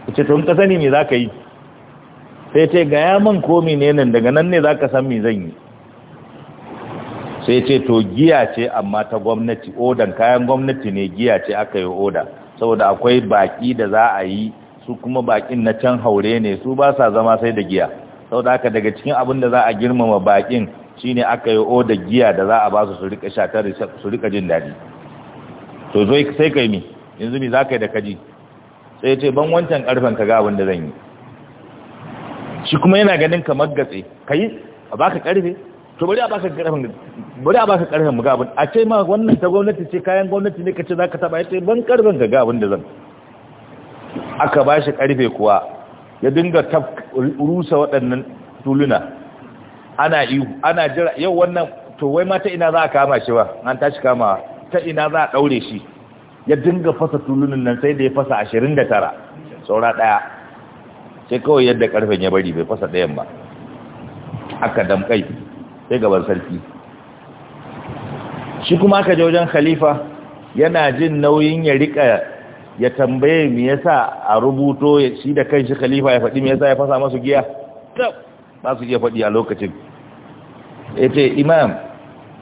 ku ce tun ka sani me za ka yi sai ce ya man ko ne nan daga nan ne za ka san me zan yi sai ce to giya ce amma ta gwamnati odan kayan gwamnati ne giya ce aka yi oda saboda akwai baki da za a yi su kuma bakin na can haure ne su ba sa zama sai da giya da aka daga cikin abin da za a girmama bakin shine aka yi oda giya da za a ba su su rika su rika jin daɗi to zo sai kai mi yanzu mi za ka yi da kaji sai ce ban wancan karfen ka ga abin da zan yi shi kuma yana ganin kamar gatse ka yi a baka karfe to bari a baka karfen bari a baka karfen mu ga abin a ce ma wannan ta gwamnati ce kayan gwamnati ne ka ce za ka taba ya ban karfen ka ga abin da zan aka ba shi karfe kuwa ya dinga rusa waɗannan tuluna ana ihu ana jira yau wannan to wai mata ina za a kama shi ba an tashi kamawa ta ina za a ɗaure shi ya dinga fasa tulunin nan sai da ya fasa ashirin da tara saura ɗaya sai kawai yadda ƙarfen ya bari bai fasa ɗayan ba aka damƙai sai gaban sarki shi kuma aka je wajen khalifa yana jin nauyin ya riƙa ya tambaye me yasa a rubuto shi da kanshi khalifa ya faɗi me yasa ya fasa masu giya ba su iya faɗi a lokacin ya ce imam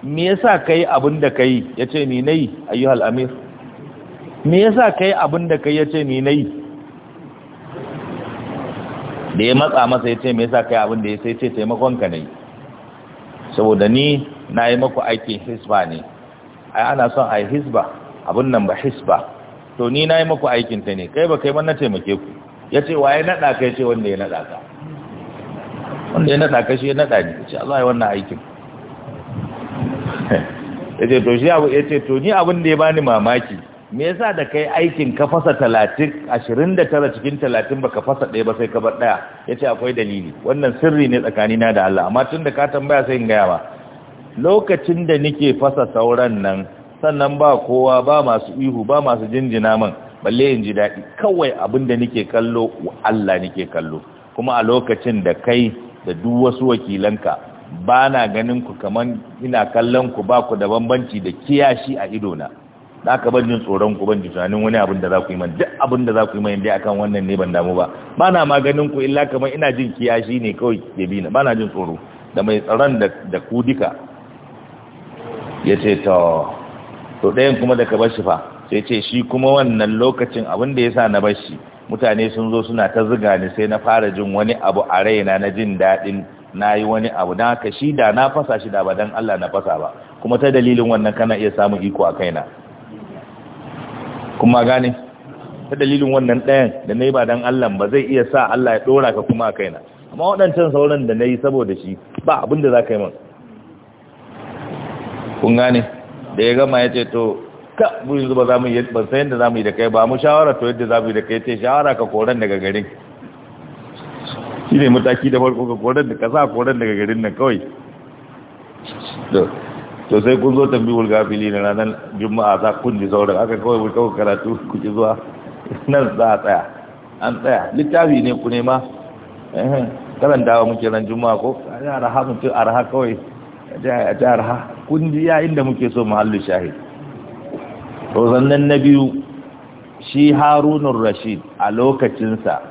me yasa kai abin da kai yace ni nayi ayyuhal amir me yasa kai abin da kai yace ni nayi da ya matsa masa yace me yasa kai abin da yace yace taimakon ka nayi saboda ni nayi maku aikin hisba ne ai ana son ai hisba abun nan ba hisba to ni nayi maku aikin ta ne kai ba kai ba na taimake ku yace waye nada kai ce wanda ya nada ka wanda ya nada ka shi ya nada ni ce Allah ya wannan aikin *laughs* yace to shi abu yace to ni abin da ya bani mamaki me yasa da kai aikin ka fasa 30 29 cikin 30 baka fasa ɗaya ba sai ka bar ɗaya yace akwai dalili wannan sirri ne tsakani na da Allah amma tun da ka tambaya sai in gaya ba lokacin da nike fasa sauran nan sannan ba kowa ba masu ihu ba masu jinjina man balle in ji daɗi kawai abin da nike kallo Allah nike kallo kuma a lokacin da kai da duk wasu wakilanka ba na ganin ku kaman ina kallon ku ba ku da bambanci da kiyashi a idona da aka ban jin tsoron ku ban ji tunanin wani abin da za ku yi man duk abin da za ku yi man dai akan wannan ne ban damu ba ba na ganin ku illa kamar ina jin kiyashi ne kawai ke bi na ba na jin tsoro da mai tsaron da ku duka ya ce ta to ɗayan kuma da ka bar shi fa sai ce shi kuma wannan lokacin abin da ya sa na bar shi mutane sun zo suna ta ziga ni sai na fara jin wani abu a raina na jin daɗin na yi wani abu don haka shi da na fasa shi da ba don Allah na fasa ba kuma ta dalilin wannan kana iya samun iko a kaina kuma gane ta dalilin wannan ɗayan da na yi ba don Allah ba zai iya sa Allah ya ɗora ka kuma a kaina amma waɗancan sauran da na yi saboda shi ba abin da za ka yi man kun gane da ya gama ya ce to ka buyin zuba za mu yi ban sayan da za mu yi da kai ba mu shawara to yadda za mu yi da kai ce shawara ka koran daga garin shi ne mataki da farko ga korar da kasa korar daga garin nan kawai to sai kun zo tambiyul gafili na ranar juma'a za kun ji sauran aka kawai wuri kawai karatu ku ji zuwa nan za a tsaya an tsaya littafi ne ku nema karantawa muke ran juma'a ko a ji araha mutu araha kawai a ji araha kun ji ya inda muke so muhallin shahid to sannan na biyu shi harunan rashid a lokacinsa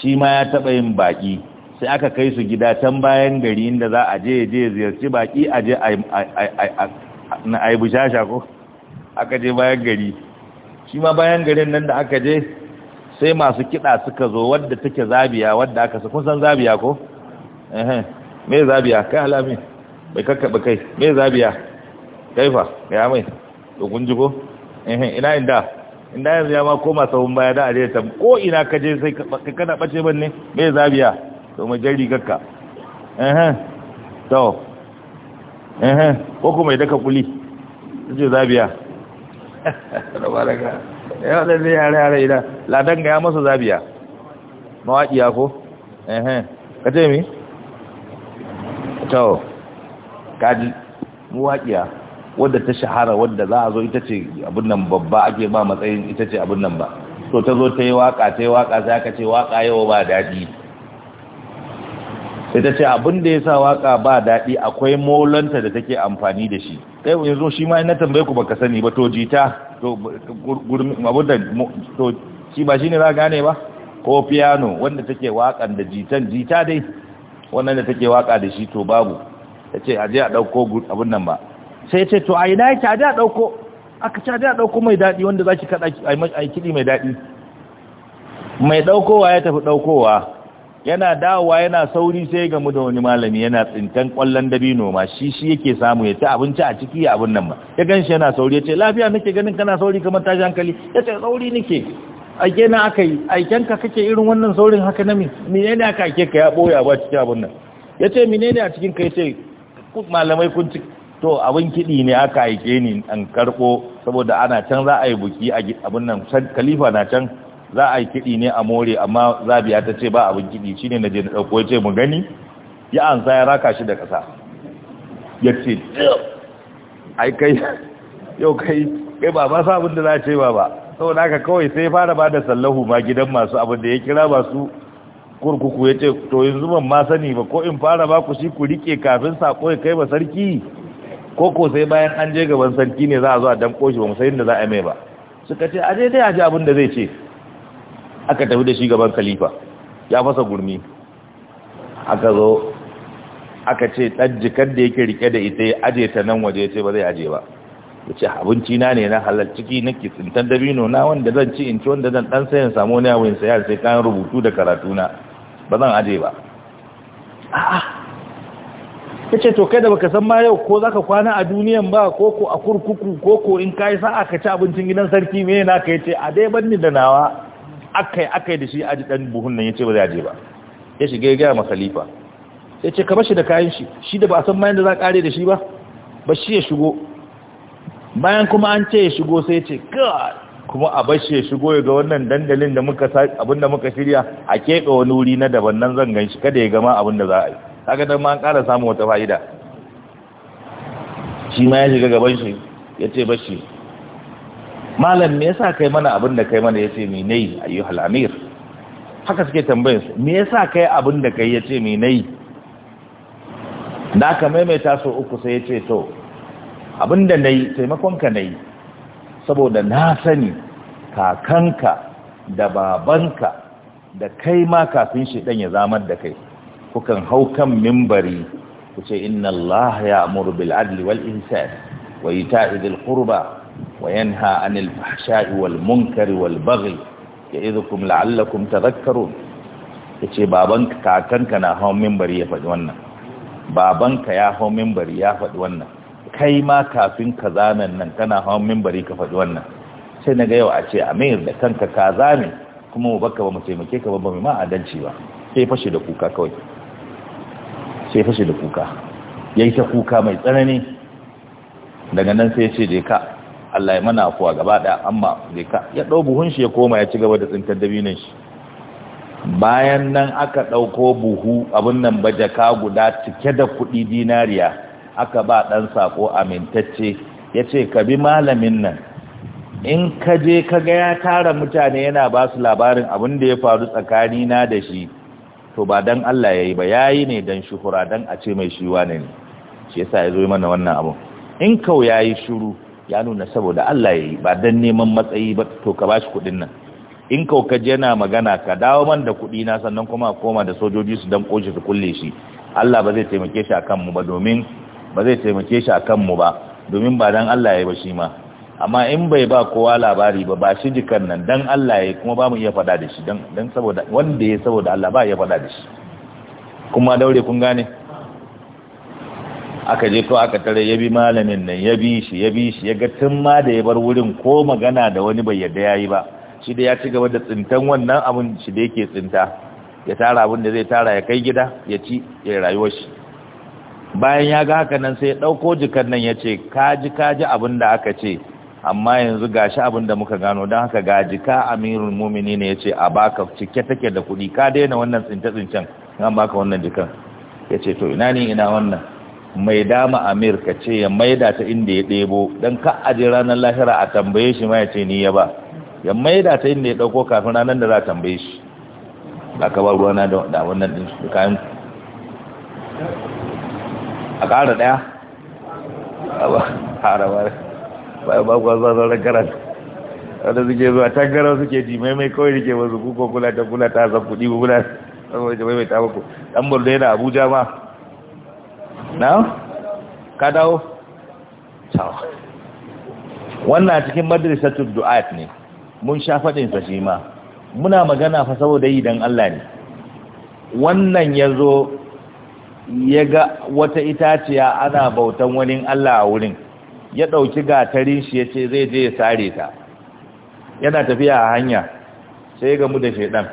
shi ma ya taɓa yin baƙi sai aka kai su gida can bayan gari inda za a je je ziyarci baƙi a je a yi bushasha ko aka je bayan gari shi ma bayan garin nan da aka je sai masu kiɗa suka zo wadda take zabiya wadda aka su kun san zabiya ko? mai zabiya kai halami bai kakkaɓe kai mai zabiya kaifa ya mai da ji ko? ina inda inda yanzu ya ma koma sahun baya da ajiye ta ko ina ka je sai ka kana bace banne me zabiya to mu jari gakka eh to eh ko kuma idan ka kuli je zabiya *laughs* baraka eh wala ne yare yare ida ladan ga ya masa zabiya ya ko eh ka ce mi to kaji ya. wadda ta shahara wadda za a zo ita ce abin nan babba ake ba matsayin ita ce abin nan ba to ta zo ta yi waka ta yi waka sai aka ce waka yau ba daɗi sai ta ce abin da ya sa waka ba daɗi akwai molanta da take amfani da shi kai yanzu shi ma na tambaye ku baka sani ba to jita to to shi ba shi ne za gane ba ko piano wanda take wakan da jitan jita dai wannan da take waka da shi to babu ta ce aje a ɗauko abin nan ba sai ce to a ina yake a da dauko aka ce a da dauko mai dadi wanda zaki kada a kidi mai dadi mai daukowa ya tafi daukowa yana dawowa yana sauri sai ga mu da wani malami yana tsintan kwallon dabino ma shi shi yake samu ya ci abinci a ciki ya abin nan ma ya ganshi yana sauri ya ce lafiya nake ganin kana sauri kamar tashi hankali ya ce sauri nake aike na aka yi ka kake irin wannan saurin haka na min menene aka aike ka ya boya ba cikin abin nan ya ce ne a cikin ka ya ce malamai kun ci to abin kiɗi ne aka aike ni an karɓo saboda ana can za a yi buki abin nan kalifa na can za a yi kiɗi ne a more amma zabiya ta ce ba abin kiɗi shine na je na ɗauko ya ce mu gani ya ansa ya raka shi da ƙasa ya ce ai kai yau kai kai ba ba sa abin da za a ce ba ba saboda haka kawai sai fara ba da sallahu ma gidan masu abin da ya kira masu kurkuku ya ce to yanzu ban ma sani ba ko in fara ba ku shi ku rike kafin sako ya kai ba sarki ko ko sai bayan an je gaban sarki ne za a zo a damko shi ba mu sai inda za a mai ba suka ce aje dai a ji abin da zai ce aka tafi da shi gaban khalifa ya fasa gurmi aka zo aka ce ɗan jikar da yake rike da ita ya aje ta nan waje ya ce ba zai aje ba ya ce abinci na ne na halal ciki na kitsintan dabino na wanda zan ci in ci wanda zan ɗan sayan samu a yawon sayan sai kayan rubutu da karatu na ba zan aje ba a'a ta ce to kai da baka san ma yau ko za ka kwana a duniyan ba ko ko a kurkuku ko ko in kai sa'a ka ci abincin gidan sarki me na ka ce a dai banni da nawa akai akai da shi aji dan buhun nan yace ba zai je ba ya shiga ga ma khalifa ya ce ka bashi da kayan shi shi da ba a san ma yanda za kare da shi ba ba shi ya shigo bayan kuma an ce ya shigo sai ce god kuma a bashi ya shigo ya ga wannan dandalin da muka abinda muka shirya a keɓe wani wuri na daban nan zan ganshi kada ya gama abinda za a yi kaga da ma an ƙara samu wata fa'ida shi ma ya shiga gaban shi ya ce bashi malam me yasa kai mana abin da kai mana ya ce mai ayyuhal amir haka suke tambayin su me yasa kai abin da kai ya ce mai nai da aka maimaita so uku sai ya ce to abin da na yi taimakonka na yi saboda na sani kakanka da babanka da kai ma kafin shi ɗan ya zamar da kai kukan hau kan mimbari ku ce inna Allah ya amuru bil adli wal ihsan wa ita'i dhil qurba wa yanha 'anil fahsha'i wal munkari wal baghi ya'idhukum la'allakum tadhakkarun yace babanka kakanka na hau mimbari ya faɗi wannan babanka ya hau mimbari ya faɗi wannan kai ma kafin ka zamen nan kana hau mimbari ka faɗi wannan sai na ga yau a ce amir da kanka ka zame kuma mu baka ba mu taimake ka ba ba mu ma adalci ba sai fashe da kuka kawai sai fashe da kuka ya yi ta kuka mai tsanani daga nan sai ce je Allah ya mana kuwa gaba ɗaya amma je ya ɗau buhun shi ya koma ya ci gaba da tsintar dabinin shi bayan nan aka ɗauko buhu abin nan ba jaka guda cike da kuɗi dinariya aka ba ɗan saƙo amintacce ya ce ka bi malamin nan in ka je ka ga ya tara mutane yana ba su labarin abin da ya faru tsakanina da shi to ba dan Allah yayi ba yayi ne dan shuhura dan a ce mai shiwa ne shi yasa yazo mana wannan abu in kau yayi shuru ya nuna saboda Allah yayi ba dan neman matsayi ba to ka bashi kudin nan in kau ka je yana magana ka dawo man da kudi na sannan kuma a koma da sojoji su dan koshi su kulle shi Allah ba zai taimake shi a mu ba domin ba zai taimake shi akan mu ba domin ba dan Allah yayi ba shi ma amma in bai ba kowa labari ba ba shi jikan nan dan Allah ya kuma ba mu iya faɗa da shi dan saboda wanda ya saboda Allah ba ya faɗa da shi kuma daure kun gane aka je to aka tare ya bi malamin nan ya bi shi ya shi ya ga tun ma da ya bar wurin ko magana da wani bai ya yayi ba shi da ya ci gaba da tsintan wannan abun shi da yake tsinta ya tara abin da zai tara ya kai gida ya ci ya rayuwar shi bayan ya ga haka nan sai ya ɗauko jikan nan ya ce kaji kaji abin da aka ce amma yanzu gashi abin da muka gano don haka ga jika amirul mumini ne ya ce a baka cike take da kuɗi ka daina wannan tsince-tsincen an baka wannan jikan ya ce to ina ne ina wannan mai dama amir ka ce ya maida ta inda ya ɗebo don ka aje ranar lahira a tambaye shi ma ya ce ni ya ba ya maida ta inda ya ɗauko kafin ranar da za a tambaye shi Ba ka ba ruwana da wannan ɗin kayan a ƙara ɗaya a ba ba ba kwa za su karatu wanda suke zuwa tangarau suke ji mai mai kawai rike wasu kuka kula ta kula ta zan kudi kula ta wace mai mai ta bako ɗan burda yana abuja ma na ka dawo tsawa wannan cikin madrasatul du'at ne mun sha faɗin sa shi ma muna magana fa saboda yi dan Allah ne wannan yazo ya ga wata itaciya ana bautan wani Allah a wurin ya ɗauki gatarin shi ya ce zai je ya sare ta yana tafiya a hanya sai gamu da shaidan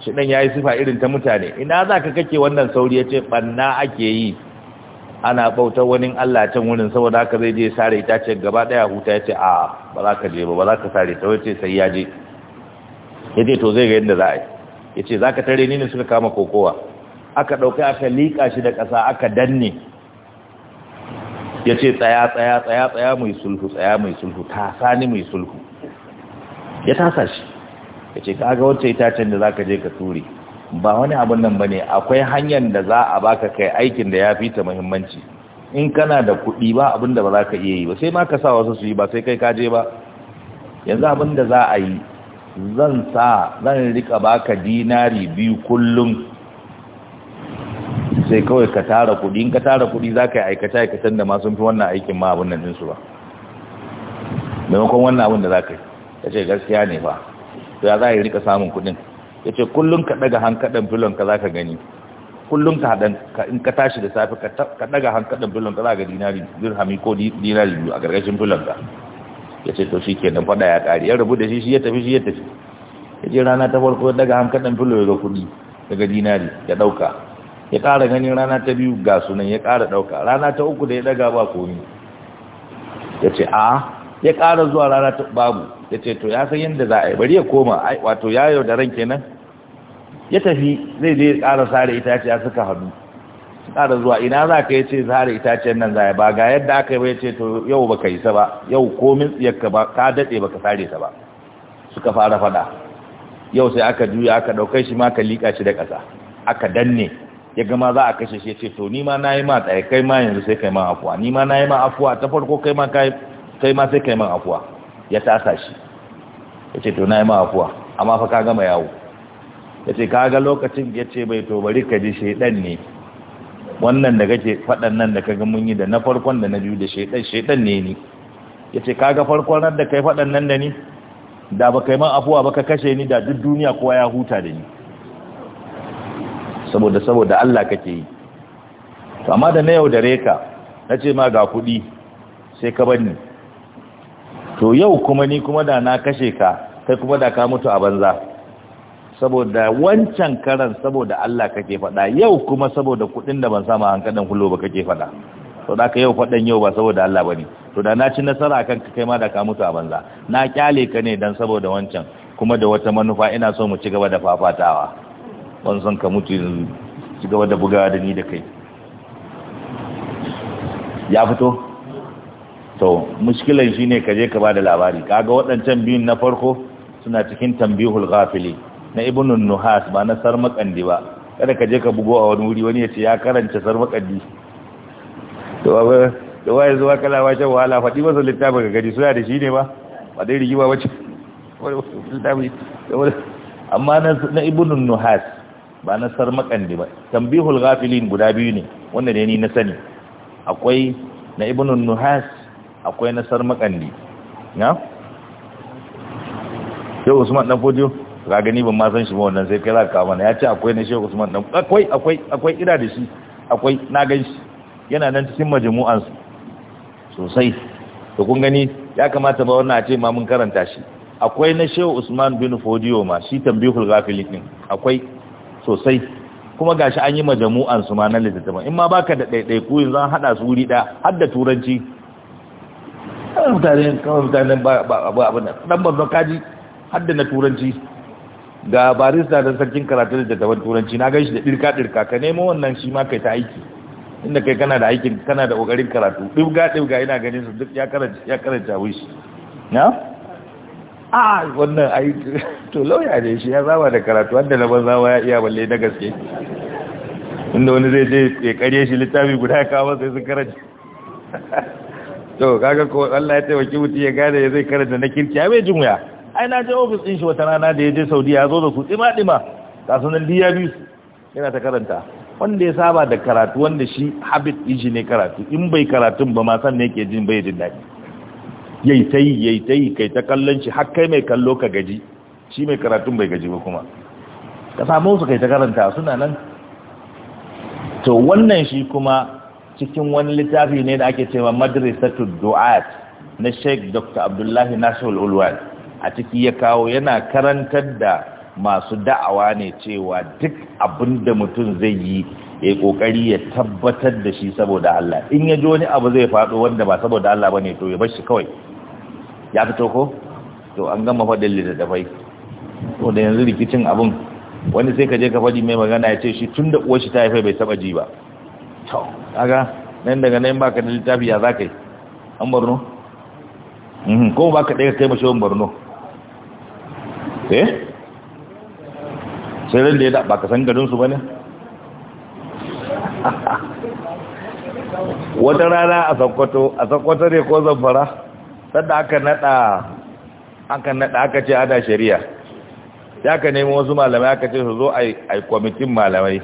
shaidan ya yi sifa irin ta mutane ina za ka kake wannan sauri ya ce ɓanna ake yi ana bauta wani Allah can wurin saboda haka zai je ya sare ta ce gaba daya huta ya ce a ba za ka je ba ba za ka sare ta wace sai ya je ya ce to zai ga yadda za a yi ya ce za ka tare ni ne suka kama kokowa aka ɗauka aka liƙa shi da ƙasa aka danne ya ce tsaya tsaya tsaya tsaya mai sulhu tsaya mai sulhu tasa ni mai sulhu ya tasa shi ya ce kaga wacce itacen da za ka je ka ture ba wani abin nan ba ne akwai hanyar da za a baka kai aikin da ya fi ta mahimmanci in kana da kuɗi ba abin da ba za ka iya yi ba sai ma ka sa wasu su yi ba sai kai ka je ba yanzu abin da za a yi zan sa zan rika baka dinari biyu kullum sai kawai ka tara kuɗi in ka tara kuɗi za ka yi aikata aikatan da ma sun fi wannan aikin ma abin nan ɗinsu ba maimakon wannan abin da za ka yi ya ce gaskiya ne ba to ya za a yi rika samun kuɗin ya ce kullum ka ɗaga hankaɗan filon ka za ka gani kullum ka haɗa in ka tashi da safe ka ɗaga hankaɗan filon ka za ka dinari dirhami ko dinari biyu a gargashin filon ka ya ce to shi ke nan faɗa ya ƙari ya rabu da shi shi ya tafi shi ya tafi ya ce rana ta farko daga hankaɗan filon ya ga kuɗi daga dinari ya ɗauka ya ƙara ganin rana ta biyu ga sunan ya ƙara ɗauka rana ta uku da ya ɗaga ba komi ya ce a ya ƙara zuwa rana ta babu ya ce to ya san yadda za a yi bari ya koma wato ya yau da ran kenan ya tafi zai je ƙara sare itace ya suka hannu ƙara zuwa ina za ka yi ce sare itace nan za ba ga yadda aka yi ba ya ce to yau ba ka yi sa ba yau komin tsiyarka ba ka daɗe ba ka sare ta ba suka fara faɗa yau sai aka juya aka ɗaukar shi ma ka liƙa shi da ƙasa aka danne ya gama za a kashe shi ce to ni ma na yi ma tsaye kai ma yanzu sai kai ma afuwa ni ma na yi ma afuwa ta farko kai ma kai ma sai kai ma afuwa ya tasa shi ya ce to na yi ma afuwa amma fa ka gama yawo ya ce ka ga lokacin ya ce bai to bari ka ji shaidan ne wannan da kake faɗan nan da kaga mun yi da na farkon da na biyu da shaidan shaidan ne ni ya ce ka ga farkon nan da kai faɗan nan da ni da ba kai ma afuwa ba ka kashe ni da duk duniya kowa ya huta da ni saboda saboda Allah kake yi to amma da na yau da reka nace ma ga kuɗi sai ka bani to yau kuma ni kuma da na kashe ka kai kuma da ka mutu a banza saboda wancan karan saboda Allah kake faɗa yau kuma saboda kuɗin da ban sama hankalin hulo ba kake faɗa to da ka yau faɗan yau ba saboda Allah bane to da na ci nasara kan ka kai ma da ka mutu a banza na kyale ka ne don saboda wancan kuma da wata manufa ina so mu ci gaba da fafatawa wani son ka mutu ci gaba da buga da ni da kai ya fito to mushkilan shine ka je ka bada labari kaga waɗancan biyun na farko suna cikin tambihul ghafili na ibnu nuhas ba na sarmakandi ba kada ka je ka bugo a wani wuri wani ya ce ya karanta sarmakandi to ba da waye zuwa kala wace wahala faɗi masa littafin ga gari suna da shi ne ba ba dai rigima wace amma na ibnu nuhas ba na makandi ba tambihul ghafilin guda biyu ne wanda ne ni na sani akwai na ibn nuhas akwai na makandi na yau usman dan Fodio ga gani ban ma san shi ba wannan sai kai za ka kawo ya ce akwai na shehu usman dan akwai akwai akwai ina da shi akwai na gan shi yana nan cikin majmu'an sosai to kun gani ya kamata ba wannan a ce ma mun karanta shi akwai na shehu usman bin fodiyo ma shi tambihul ghafilin akwai sosai kuma gashi an yi majamu'an su ma na littattafan in ma baka da ɗaiɗaiku yanzu zan haɗa su wuri ɗaya har da turanci kawai mutane kawai mutane ba abu abin nan dan banzo kaji har da na turanci ga barista da sarkin karatu littattafan turanci na gaishe da ɗirka ɗirka ka nemo wannan shi ma kai ta aiki inda kai kana da aikin kana da ƙoƙarin karatu ɗibga ɗibga ina ganin su duk ya karanta ya karanta na a wannan ai to lauya ne shi ya zama da karatu wanda na banzawa ya iya balle na gaske inda wani zai je ya karye shi littafi guda kawo sai sun karanta to kaga ko Allah ya taimaki mutum ya gane ya zai karanta na kirki ya jin wuya ai na je ofis din shi wata rana da ya je Saudi ya zo da su dima dima ga sunan diya biyu yana ta karanta wanda ya saba da karatu wanda shi habit ɗin ne karatu in bai karatun ba ma san ne yake jin bai jin daɗi yayi tai yayi yi kai ta kallon shi har kai mai kallo ka gaji shi mai karatun bai gaji ba kuma ka samu su kai ta karanta suna nan to wannan shi kuma cikin wani littafi ne da ake cewa madrasatu du'at na Sheikh Dr. Abdullahi Nasirul Ulwan a ciki ya kawo yana karantar da masu da'awa ne cewa duk abin da mutum zai yi ya yi kokari ya tabbatar da shi saboda Allah in ya ji wani abu zai faɗo wanda ba saboda Allah ba ne to ya bashi kawai ya fito ko to an gama faɗin littattafai to da yanzu rikicin abun wani sai ka je ka faɗi mai magana ya ce shi tun da uwar shi ta haifai bai taɓa ji ba to kaga nan daga nan baka da littafi ya za ka yi an barno mhm, ko ba ka ɗaya kai mashi barno eh sai ran da ya da ba ka san garinsu ba ne wata rana a sakkwato a sakkwato ne ko zamfara sadda aka nada aka nada aka ce ana shari'a ya ka nemi wasu malamai aka ce su zo a kwamitin malamai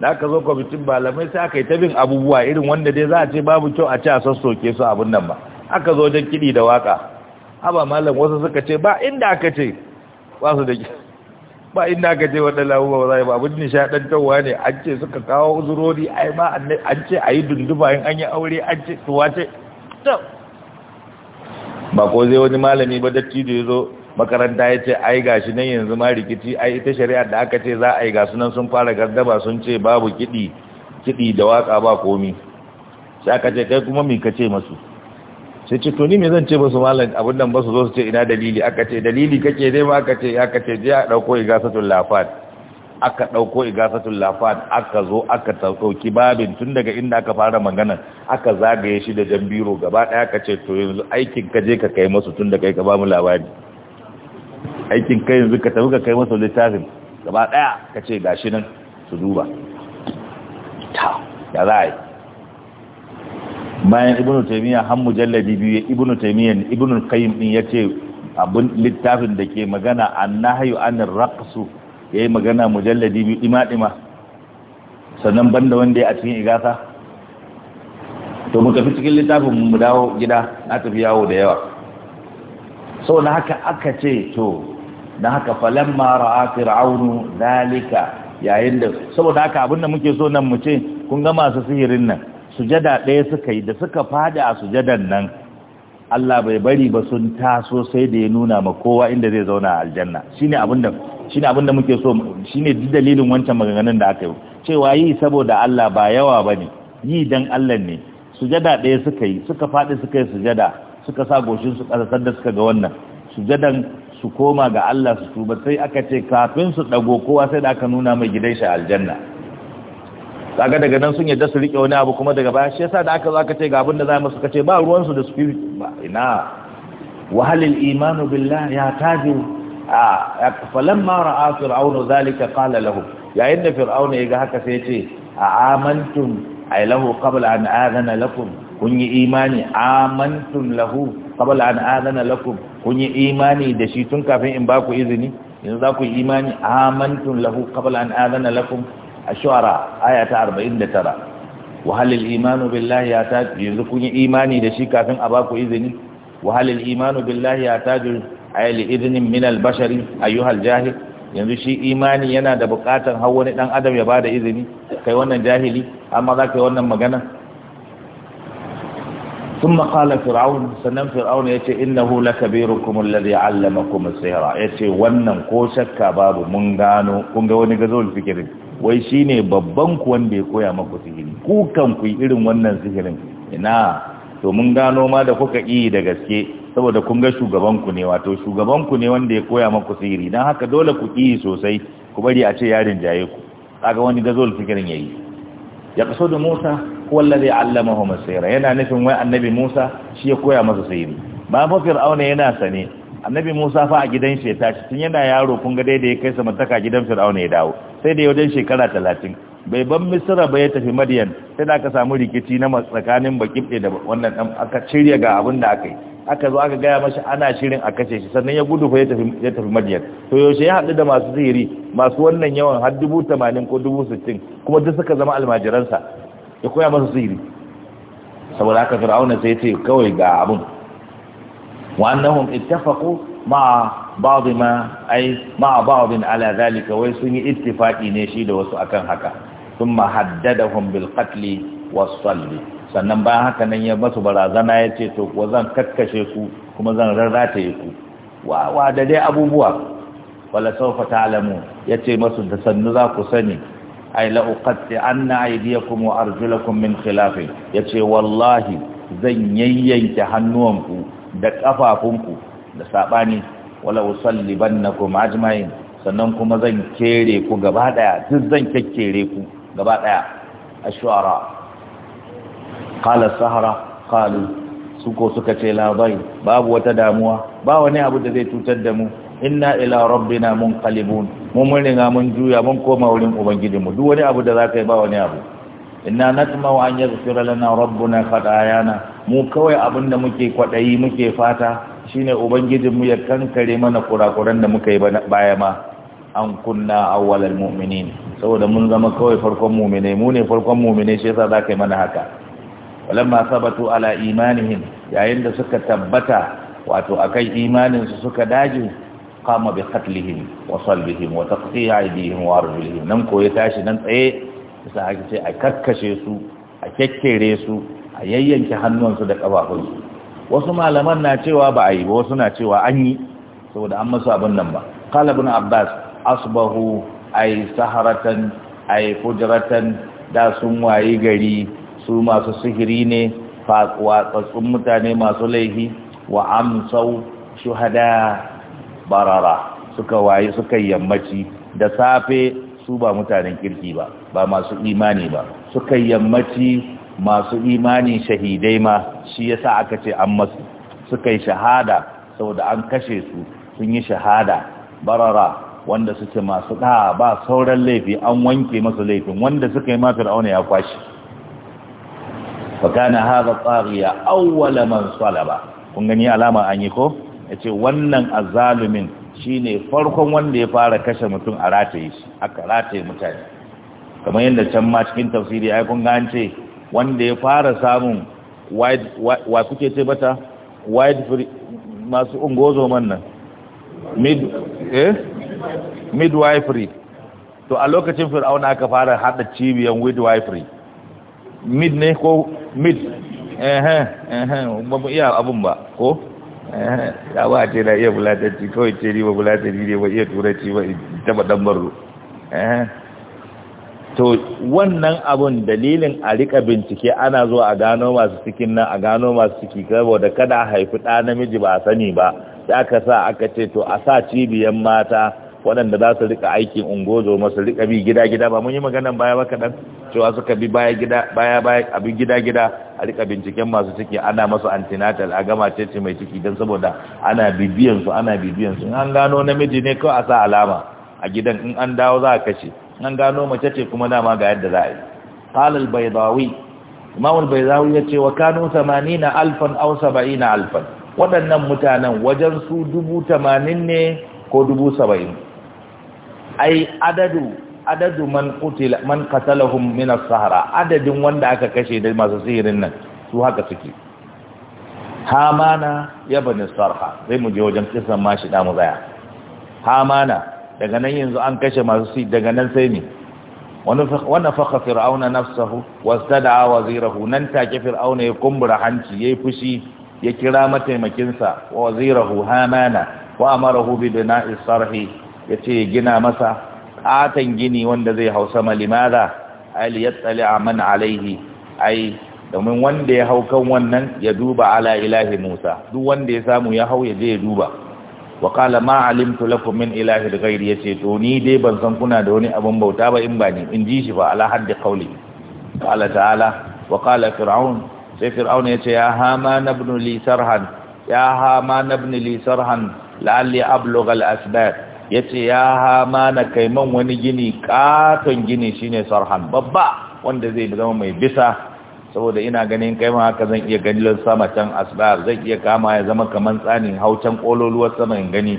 da aka zo kwamitin malamai sai aka yi tabin abubuwa irin wanda dai za a ce babu kyau a ce a sassoke su abin nan ba aka zo don kiɗi da waka haba malam wasu suka ce ba inda aka ce ba su da ba ina je wanda lawo ba zai ba abin nishadantarwa ne an ce suka kawo uzurori ai ma an ce a yi dunduma in an yi aure an ce wace to ba ko zai wani malami ba datti da ya zo makaranta ya ce ai gashi nan yanzu ma rikici ai ita shari'a da aka ce za a yi gasu nan sun fara gardaba sun ce babu kiɗi kiɗi da waka ba komi sai aka ce kai kuma me ka ce masu sai ce to ni me zan ce ba su malam abin nan ba su zo su ce ina dalili aka ce dalili kake dai ma aka ce aka ce ya dauko igasatul lafat aka dauko igasatul lafat aka zo aka dauki babin tun daga inda aka fara magana aka zagaye shi da jambiro gaba daya aka ce to yanzu aikin ka je ka kai musu tun da kai ka ba mu labari aikin kai yanzu ka tafi ka kai musu littafin gaba daya ka ce gashi nan su duba ta ya za a yi bayan ibnu taymiya har mujalladi biyu ibnu taymiya ibnu qayyim din yace abun littafin da ke magana annahyu anir raqsu yayi magana mujalladi biyu dima dima sannan banda wanda ya a cikin igasa to muka tafi cikin littafin mu dawo gida na tafi yawo da yawa so na haka aka ce to na haka falamma ra'a fir'aunu dalika yayin da saboda haka abin da muke so nan mu ce kun ga masu sihirin nan sujada ɗaya suka yi da suka faɗi a sujadan nan Allah bai bari ba sun taso sai da ya nuna ma kowa inda zai zauna a aljanna shine abin da shine abin muke so shine dalilin wancan maganganun da aka yi cewa yi saboda Allah ba yawa bane yi dan Allah ne sujada ɗaya suka yi suka fadi suka yi sujada suka sa goshin su da da suka ga wannan sujadan su koma ga Allah su tuba sai aka ce kafin su dago kowa sai da aka nuna mai gidan shi aljanna kaga daga nan sun yadda su rike wani abu kuma daga baya shi yasa da aka zo aka ce ga abin da za mu suka ce ba ruwan su da spirit ba ina wahalil imanu billah ya tabi a falamma ra'a fir'auna zalika qala lahu yayin da fir'auna ya ga haka sai ya ce a amantum ay lahu qabla an adana lakum kun yi imani amantum lahu qabla an adana lakum kun yi imani da shi tun kafin in ba ku izini yanzu za ku yi imani amantum lahu qabla an adana lakum ashwara aya ta 49 wahalil imanu billahi ya ta yanzu kun yi imani da shi kafin a baku izini wahalil imanu billahi ya ta ayali izinin min albashari ayyuhal jahil yanzu shi imani yana da bukatan har wani dan adam ya bada izini kai wannan jahili amma za ka yi wannan magana ثم قال فرعون sannan فرعون yace innahu lakabirukum alladhi 'allamakum as-sihra yace wannan ko shakka babu mun gano kun ga wani gazo fikirin wai shi ne babban ku wanda ya koya maku sihiri ku kan ku irin wannan sihirin ina to mun gano ma da kuka yi da gaske saboda kun ga shugaban ku ne wato shugaban ku ne wanda ya koya maku sihiri dan haka dole ku yi sosai ku bari a ce yarin jaye ku kaga wani gazol sihirin yayi ya kaso da Musa huwa alladhi allamahu masira yana nufin wai annabi Musa shi ya koya masa sihiri ba fa fir'auna yana sane annabi musa fa a gidan shi ya tashi tun yana yaro kun ga daidai ya kai samantaka gidan fir'auna ya dawo sai da ya wajen shekara talatin bai ban misira ba ya tafi madiyan sai da aka samu rikici na tsakanin bakibde da wannan dan aka cirya ga abin da aka yi aka zo aka gaya masa ana shirin a kashe shi sannan ya gudu fa ya tafi madiyan to yaushe ya haɗu da masu sihiri masu wannan yawan har dubu tamanin ko dubu sittin kuma duk suka zama almajiransa ya koya masa sihiri saboda haka fir'auna sai ya ce kawai ga abin وأنهم اتفقوا مع بعض ما أي مع بعض على ذلك ويسوني اتفاقي نشيد وسؤكن هكا ثم حددهم بالقتل والصلب sannan bayan haka nan ya masu barazana ya ce to kuwa zan kakkashe ku kuma zan rarrataye ku wa wa da dai abubuwa wala sawfa ta'lamu yace masu da sannu za ku sani ay la uqatti anna aydiyakum wa arjulakum min Ya yace wallahi zan yayyanke hannuwanku da kafafunku da sabani wala kuma ajma'in sannan kuma zan kere ku gaba daya duk zan kekkere ku gaba daya ashwara qala sahara qalu suko suka ce labai babu wata damuwa ba wani abu da zai cutar da mu inna ila rabbina munqalibun mun mun riga mun juya mun koma wurin ubangijinmu duk wani abu da zaka yi ba wani abu inna natma'u an yaghfira lana rabbuna khatayana mu kawai abin da muke kwaɗayi muke fata shine ubangijinmu ya kankare mana kurakuran da muka yi baya ma an kunna awwalal mu'minin saboda mun zama kawai farkon mu'mine mu ne farkon mu'mine shi yasa zaka yi mana haka walamma sabatu ala imanihim yayin da suka tabbata wato akan imanin su suka daji qama bi qatlihim wa salbihim wa taqti'i aydihim wa arjulihim nan ko tashi nan tsaye sai a kakkashe su a kekkere su a yayyanke hannuwansu da ƙafafunsu wasu malaman na cewa ba a yi ba wasu na cewa an yi saboda an masu abin nan ba qala abbas asbahu ay saharatan ay fujratan da sun waye gari su masu sihiri ne fa watsatsun mutane masu laifi wa amsau shuhada barara suka waye suka yammaci da safe su ba mutanen kirki ba ba masu imani ba suka yammaci masu imani shahidai ma shi ya sa aka ce an masu suka yi shahada saboda an kashe su sun yi shahada barara wanda suke masu ɗa ba sauran laifi an wanke masu laifin wanda suka yi mafi ra'auna ya kwashi fakana haza tsariya auwala man salaba kun gani alama an yi ko ya ce wannan azalumin ne farkon wanda ya fara kashe mutum a rataye shi aka rataye mutane kamar yadda can ma cikin tafsiri ai kun gance wanda ya fara samun wa kuke ce bata wide free masu man nan mid eh midwifery to a lokacin fir'auna aka fara hada cibiyan midwifery mid ne ko mid eh eh ba mu iya abun ba ko eh ya ba ce na iya bulatanci kawai ce ni ba bulatanci ne ba iya turanci ba ta ba dan barro eh to wannan abun dalilin a rika bincike ana zuwa a gano masu cikin nan a gano masu ciki saboda kada haifi ɗa namiji ba a sani ba da aka sa aka ce to a sa cibiyan mata waɗanda za su rika aikin ungozo masu rika bi gida-gida ba mun yi maganan baya ba kaɗan cewa suka bi baya gida baya gida-gida a rika binciken masu ciki ana masu antinatal a gama cece mai ciki don saboda ana bibiyan su ana bibiyan su an gano namiji ne kawai a sa alama a gidan in an dawo za a kashe an gano mace ce kuma dama ga yadda za a yi halal baidawi imamul baidawi ya ce wa kanu 80 alfan aw 70 alfan waɗannan mutanen wajen su dubu tamanin ne ko dubu saba'in ai adadu adadu man qutila man qatalahum min as-sahara adadin wanda aka kashe da masu sihirin nan su haka suke hamana ya bani sarha zai mu je wajen kisan mashi da mu zaya hamana daga nan yanzu an kashe masu si daga nan sai ne wani faka fir'auna nafsahu wasta da wazirahu nan take fir'auna ya kumbura hanci ya yi fushi ya kira mataimakinsa wa wazirahu hamana wa amarahu bi bina'i sarhi ya ce ya gina masa katon gini wanda zai hau sama limada ali ya tsali a man alaihi ai domin wanda ya hau kan wannan ya duba ala ilahi musa duk wanda ya samu ya hau ya je ya duba wa qala ma alimtu lakum min ilahin ghairi yace to ni dai ban san kuna da wani abin bauta ba in ba ni in ji shi ba ala haddi qawli qala ta'ala wa qala fir'aun sai fir'aun yace ya hama nabnu li sarhan ya hama nabnu li sarhan la'alli ablugha al-asbab yace ya hama na kaiman wani gini katon gini shine sarhan babba wanda zai zama mai bisa saboda ina ganin kai ma haka zan iya gani sama can asbab zan iya kama ya zama kaman tsanin haucan kololuwar sama in gani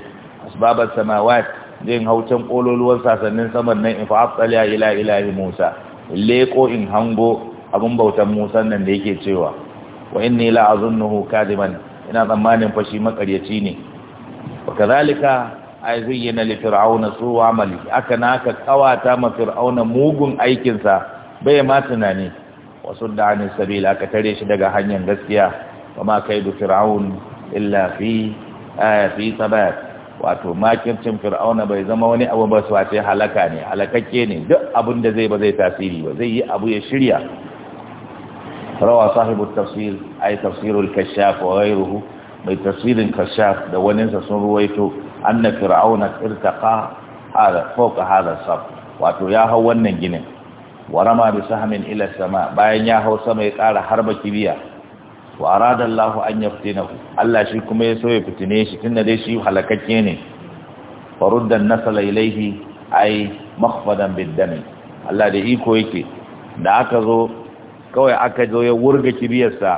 asbabar samawat zan haucan kololuwar sasannin saman nan in fa a ila ilahi musa leko in hango abun bautan musa nan da yake cewa wa inni la azunnuhu kadiban ina tsammanin fa shi makaryaci ne wa kadhalika ay li fir'auna su'u amali aka naka kawata ma fir'auna mugun aikinsa bai ma tunani wasu da'anin sabila ka tare shi daga hanyar gaskiya kuma da fir'aun illa fi fi sabat wato makircin fir'auna bai zama wani abu ba wace halaka ne halakakke ne duk abin da zai ba zai tasiri ba zai yi abu ya shirya rawa sahibu tafsir ay tafsirul kashaf wa ghayruhu mai tafsirin kashaf da waninsa sun ruwaito anna fir'auna irtaqa hada fawqa hada sab wato ya hau wannan ginin warama bi sahmin ila sama bayan ya hau sama ya ƙara harba kibiya wa arada Allahu an yaftinahu Allah shi kuma ya so ya fitine shi tunda dai shi halakakke ne farudda nasala ilaihi ai makhfadan biddami Allah da iko yake da aka zo kawai aka zo ya wurga kibiyarsa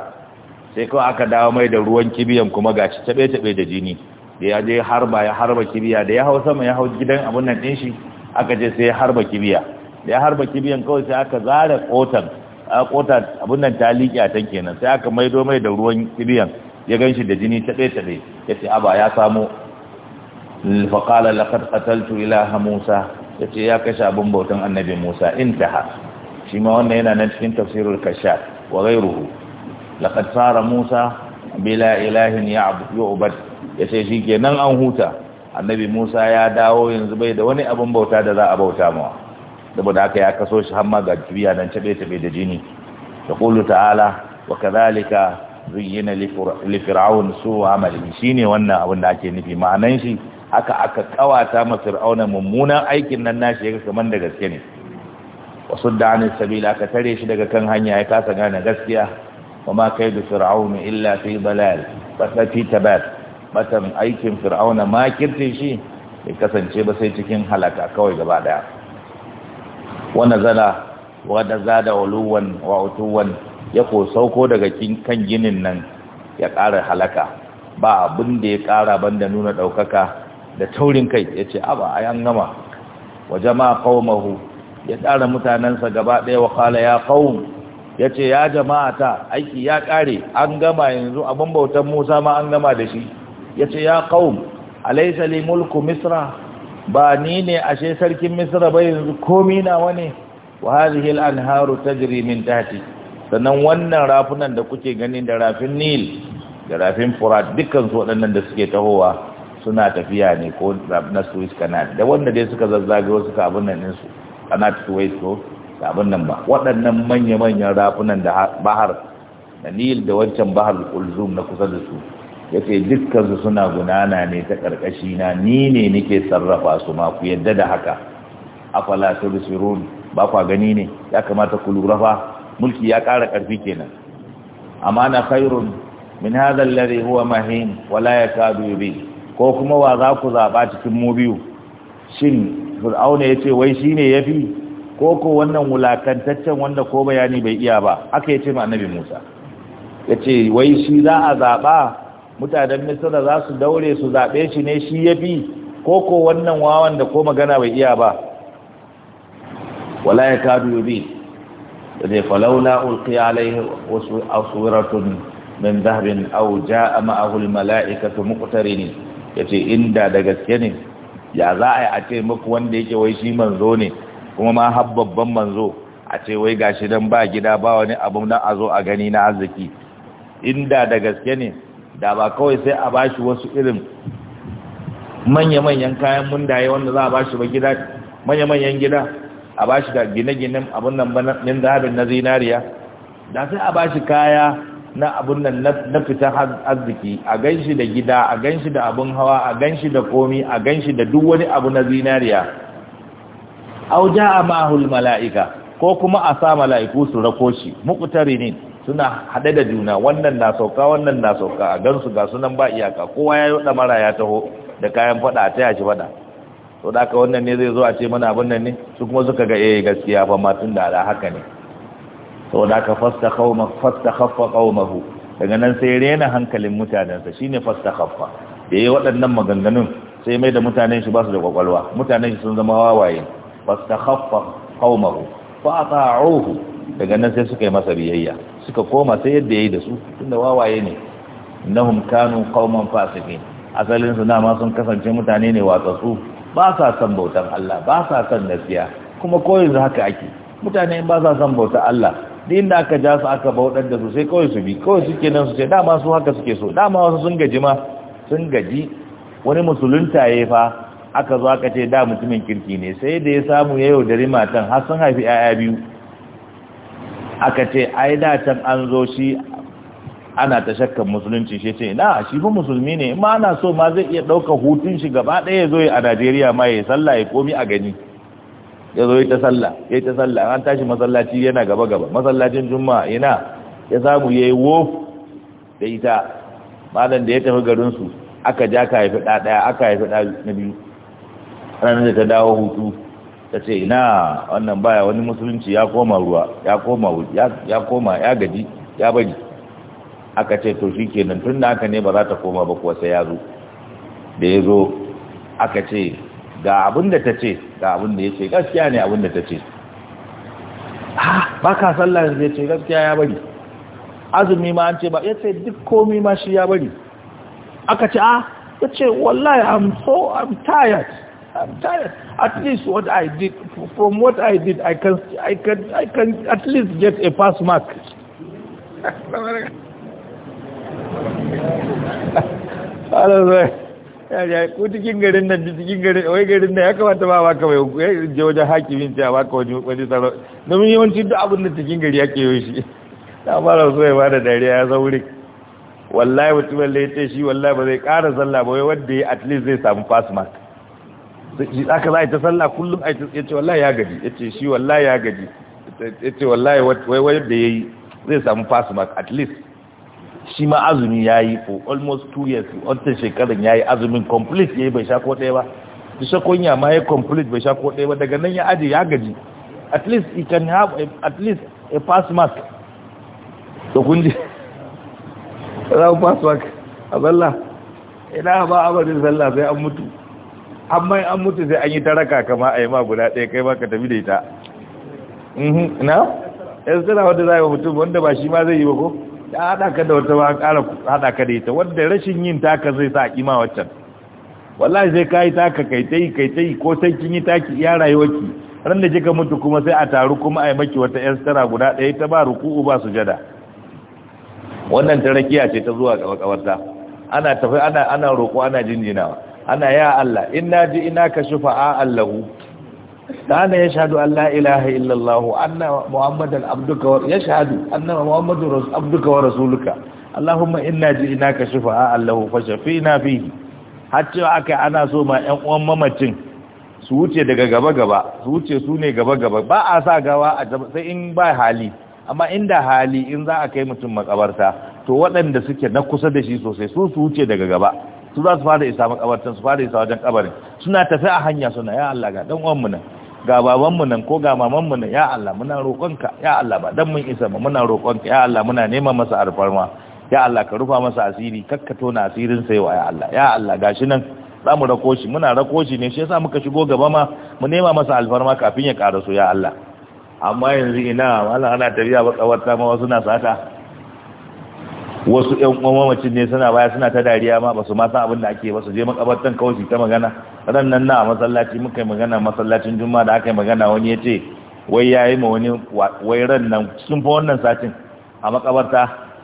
sai kawai aka dawo mai da ruwan kibiyan kuma gashi tabe tabe da jini da ya je harba ya harba kibiya da ya hau sama ya hau gidan abun nan din shi aka je sai ya harba kibiya da ya harba kibiyan kawai sai aka zare kotan a kota abin nan ta a ta kenan sai aka maido mai da ruwan kibiyan ya gan shi da jini taɗe taɗe ya ce aba ya samo faƙala laƙar ƙataltu ilaha musa ya ce ya kashe abin bautan annabi musa intaha shi ma wannan yana nan cikin tafsirul kashaf wa ghayruhu laqad sara musa bila ilahin ya'bud ya ce shi kenan an huta annabi musa ya dawo yanzu bai da wani abin bauta da za a bauta mawa saboda haka ya kaso shi hamma ga kibiya nan tabe tabe da jini yaqulu ta'ala wa kadhalika zuyyina li fir'aun su amali shine wannan abin da ake nufi ma'anan shi haka aka kawata ma fir'auna mummunan aikin nan nashi ya kaman da gaske ne wasu da anin sabila aka tare shi daga kan hanya ya kasa gane gaskiya wa ma kaidu fir'aun illa fi dalal fa fi tabat matan aikin fir'auna ma kirtin shi ya kasance ba sai cikin halaka kawai gaba daya wanda zana wanda da uluwan wa utuwan ya ko sauko daga kan ginin nan ya ƙara halaka ba abin da ya ƙara banda nuna ɗaukaka da taurin kai ya ce aba a yan gama wa jama'a qaumahu ya tsara mutanensa gaba ɗaya wa kala ya qaum ya ce ya jama'a ta aiki ya ƙare an gama yanzu abin bautan musa ma an gama da shi ya ce ya qaum alaysa mulku misra ba ni ne ashe sarkin misra ba yanzu komi na ne wa hadhihi al-anharu tajri min tahti sannan wannan rafunan da kuke gani da rafin nil da rafin furat dukkan su waɗannan da suke tahowa suna tafiya ne ko na iska canal da wanda dai suka zazzage wasu ka abin nan su ana suez ko abin nan ba waɗannan manya-manyan rafunan da bahar da nil da wancan bahar ulzum na kusa da su ya ce dukkan suna gunana ne ta karkashi na ni ne nake sarrafa su ma ku yadda da haka afala tubsirun ba kwa gani ne ya kamata ku lura fa mulki ya ƙara ƙarfi kenan amana khairun min hadha alladhi huwa mahin wala yakadu bi ko kuma wa za ku zaba cikin mu biyu shin fir'auna yace wai shine yafi ko ko wannan wulakantaccen wanda ko bayani bai iya ba haka yace ma annabi Musa yace wai shi za a zaba mutanen misra za su daure su zaɓe shi ne shi ya bi ko ko wannan wawan da ko magana bai iya ba wala ya kadu bi da ne falauna ulki alaihi wasu asuratun min zahabin au ja'a ma'ahul mala'ikatu muqtarini yace inda da gaske ne ya za a yi a ce muku wanda yake wai shi manzo ne kuma ma habbabban manzo a ce wai gashi dan ba gida ba wani abu na a zo a gani na arziki inda da gaske ne da ba kawai sai a bashi wasu irin manya-manyan kayan mundaye wanda za a bashi ba gida manya-manyan gida a bashi da gine-ginen abun nan ba na zinariya da sai a bashi kaya na abun nan na fitar arziki a ganshi da gida a ganshi da abun hawa a ganshi da komi a ganshi da duk wani abu na zinariya auja a mahul mala'ika ko kuma a sa mala'iku su rako shi muƙutari ne suna haɗe da juna wannan na sauka wannan na sauka a gansu ga sunan ba iyaka kowa ya yi mara ya taho da kayan faɗa a taya shi faɗa to da aka wannan ne zai zo a ce mana abin nan ne su kuma suka ga eh gaskiya fa ma tun da ala haka ne to da aka fasta kauma fasta khaffa qaumahu daga nan sai rena hankalin mutanen sa shine fasta khaffa da yayi waɗannan maganganun sai mai da mutanen shi ba su da kwakwalwa mutanen shi sun zama wawaye fasta khaffa qaumahu fa ata'uhu daga nan sai suka yi masa biyayya suka koma sai yadda ya yi da su tunda wawaye ne na kanu qauman fasiki asalin su ma sun kasance mutane ne watsatsu ba sa son bautan Allah ba sa son nasiya kuma ko yanzu haka ake mutane ba sa son bautan Allah duk inda aka ja su aka bautar da su sai kawai su bi kawai suke nan su ce dama su haka suke so dama wasu sun gaji ma sun gaji wani musulunta ya fa aka zo aka ce da mutumin kirki ne sai da ya samu ya yaudari matan har sun haifi 'ya'ya biyu aka ce ai da can an zo shi ana ta shakkan musulunci shi ce na shi fa musulmi ne ma ana so ma zai iya ɗauka hutun shi gaba ɗaya zo a Najeriya ma ya sallah ya komi a gani ya zo ya ta sallah ya ta sallah an tashi masallaci yana gaba gaba masallacin juma'a yana ya samu yi wof da ita malam da ya tafi garin su aka ja ka haifi ɗaya aka haifi ɗaya na biyu ranar da ta dawo hutu ta ce ina wannan baya wani musulunci ya koma ruwa ya koma ya koma ya gaji ya bari aka ce to shi kenan tun da aka ne ba za ta koma ba kuwa sai ya zo da ya zo aka ce ga abin da ta ce ga abin da ya ce gaskiya ne abin da ta ce ha ba ka sallah ya ce gaskiya ya bari azumi ma an ce ba ya ce duk komi ma shi ya bari aka ce a ah, ya ce wallahi i'm so i'm tired I'm tired. At least what I did, from what I did, I can, I can, I can at least get a pass mark. ya ko cikin gari nan cikin garin wai garin nan ya kamata ba baka mai je wajen hakimin ta baka wani wani tsaro domin yawanci duk abin da cikin gari ke yi shi ta fara so ya da dariya ya zaure wallahi mutumin da ta ce shi wallahi ba zai ƙara sallah ba wai wanda ya at least zai samu pass mark aka za a yi ta sallah kullum a ya ce wallahi ya gaji ya ce shi wallahi ya gaji ya ce wallahi waiwayar da ya yi zai samu fasu mark at least shi ma azumi ya yi for almost two years wata shekarun ya yi azumin complete ya yi bai sha ko ɗaya ba ta shakon ya ma ya complete bai sha ko ɗaya ba daga nan ya aji ya gaji at least he can have at least a pass mark da kunji *laughs* za mu pass mark a zalla ina ba abarin zalla sai an mutu amma an mutu sai an yi taraka kama a yi ma guda ɗaya kai ma ka tafi da ita mhm, na? yanzu tana wadda za a yi mutum wanda ba shi ma zai yi ba ko? ya haɗa ka da wata ba ƙara haɗa ka da ita wadda rashin yin taka zai sa ƙima waccan wallahi sai ka yi taka kai ta yi kai ta yi ko sai kin yi taki iya rayuwarki ran da kika mutu kuma sai a taru kuma a yi maki wata yan stara guda ɗaya ta ba ruku'u ba sujada wannan tarakiya ce ta zuwa ƙawarta ana tafi ana ana roƙo ana jinjinawa ana ya Allah ina ji ina ka shufa shufa'a allahu kana yashhadu an la ilaha illa allah anna muhammadan abduka wa yashhadu anna muhammadur abduka wa rasuluka allahumma inna ji ina ka shufa shufa'a allahu fa shafina fihi hatta aka ana so ma ƴan uwan mamacin su wuce daga gaba gaba su wuce su ne gaba gaba ba a sa gawa a sai in ba hali amma inda hali in za a kai mutum makabarta to waɗanda suke na kusa da shi sosai su su wuce daga gaba su za su fara isa makabartan su fara isa wajen kabarin suna tafi a hanya suna ya Allah ga dan mu nan ga baban mu nan ko ga maman mu nan ya Allah muna roƙonka ya Allah ba dan mun isa ba muna roƙonka ya Allah muna neman masa alfarma ya Allah ka rufa masa asiri kakka na asirin sai wa ya Allah ya Allah gashi nan za mu rako shi muna rako shi ne shi yasa muka shigo gaba ma mu nema masa alfarma kafin ya karaso ya Allah amma yanzu ina mallan ana tafiya ba kawarta ma wasu na sata wasu 'yan uwan mamacin ne suna baya suna ta dariya ma ba su ma san abin da ake ba su je makabartan kawai ta magana ran nan na masallaci muka yi magana masallacin juma'a da aka yi magana wani ya ce wai yayi ma wani wai ran nan cikin fa wannan satin a makabarta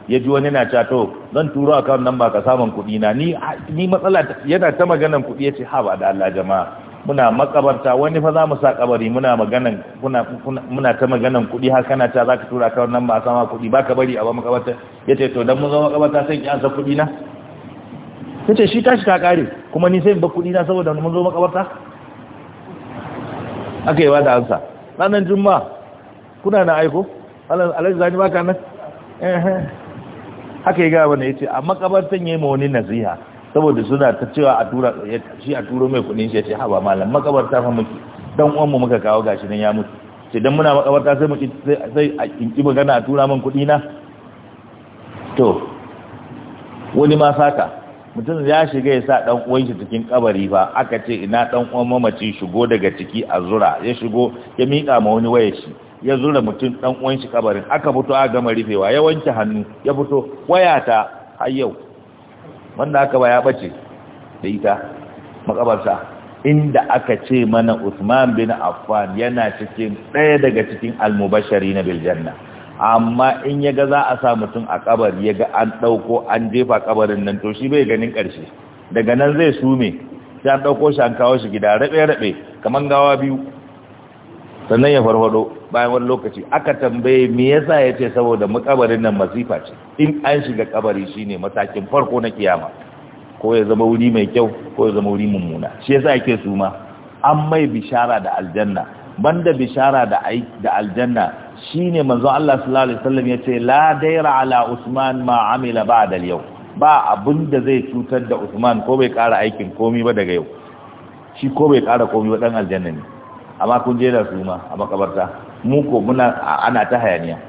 ya ji wani na cewa to zan turo akawun nan ba ka samun kuɗi na ni matsala yana ta maganan kuɗi ya ce ha ba da Allah jama'a muna makabarta wani fa za mu sa kabari muna maganan kuna muna ta maganan kuɗi har kana ta zaka tura ka wannan ba sama kuɗi baka bari a ba makabarta yace to dan mun zo makabarta sai ki ansa kuɗi na yace shi tashi ta kare kuma ni sai ba kuɗi na saboda mun zo makabarta aka wa da ansa ranar juma'a kuna na aiko alhaji zani baka nan eh, eh. haka ya gaba wannan yace a makabartan yayi ma wani nasiha saboda suna ta cewa a tura shi a turo mai kudin shi ya ce ba malam makabarta fa muke dan uwan mu muka kawo gashi nan ya mutu sai dan muna makabarta sai mu sai a kinki magana a tura min kudi na to wani ma saka mutum ya shiga ya sa dan uwan shi cikin kabari fa aka ce ina dan uwan mamaci shigo daga ciki a zura ya shigo ya mika ma wani waya shi ya zura mutum dan uwan shi kabarin aka fito a gama rufewa ya wanke hannu ya fito wayata har yau wanda aka ba ya bace da ita makabarta inda aka ce mana Usman bin Affan yana cikin ɗaya daga cikin almubashari na biljanna amma in ya ga za a sa mutum a kabari ya ga an ɗauko an jefa kabarin nan to shi bai ganin ƙarshe daga nan zai sume sai an ɗauko shi an kawo shi gida raɓe-raɓe kamar gawa biyu sannan ya farfado bayan wani lokaci aka tambaye me yasa ya ce saboda makabarin nan masifa ce in an shiga kabari shine matakin farko na kiyama ko ya zama wuri mai kyau ko ya zama wuri mummuna shi yasa yake su ma an mai bishara da aljanna banda bishara da da aljanna shine manzo Allah sallallahu alaihi wasallam yace la daira ala usman ma amila ba'da al-yawm ba da zai cutar da usman ko bai kara aikin komai ba daga yau shi ko bai kara komai ba dan aljanna ne amma kun je da su ma a makabarta mu ko muna ana ta hayaniya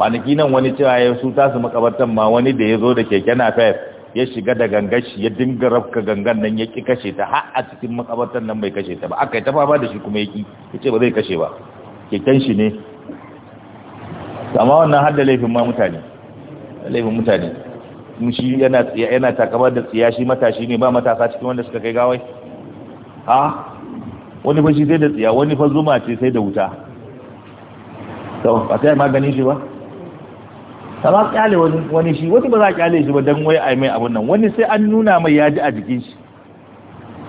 kwanaki nan wani cewa ya su tasu makabartan ma wani da ya zo da keke na fayar ya shiga da shi ya dinga rafka gangan nan ya ki kashe ta har a cikin makabartan nan bai kashe ta ba aka yi ta fama da shi kuma ya ki ya ce ba zai kashe ba keken shi ne amma wannan har da laifin ma mutane laifin mutane shi yana yana takabar da tsiya shi matashi ne ba matasa cikin wanda suka kai gawai ha wani fa shi sai da tsiya wani fa zuma ce sai da wuta to ba sai maganin shi ba ta ba kyale wani shi wani ba za a kyale shi ba don wai a mai abun nan wani sai an nuna mai ya ji a jikin shi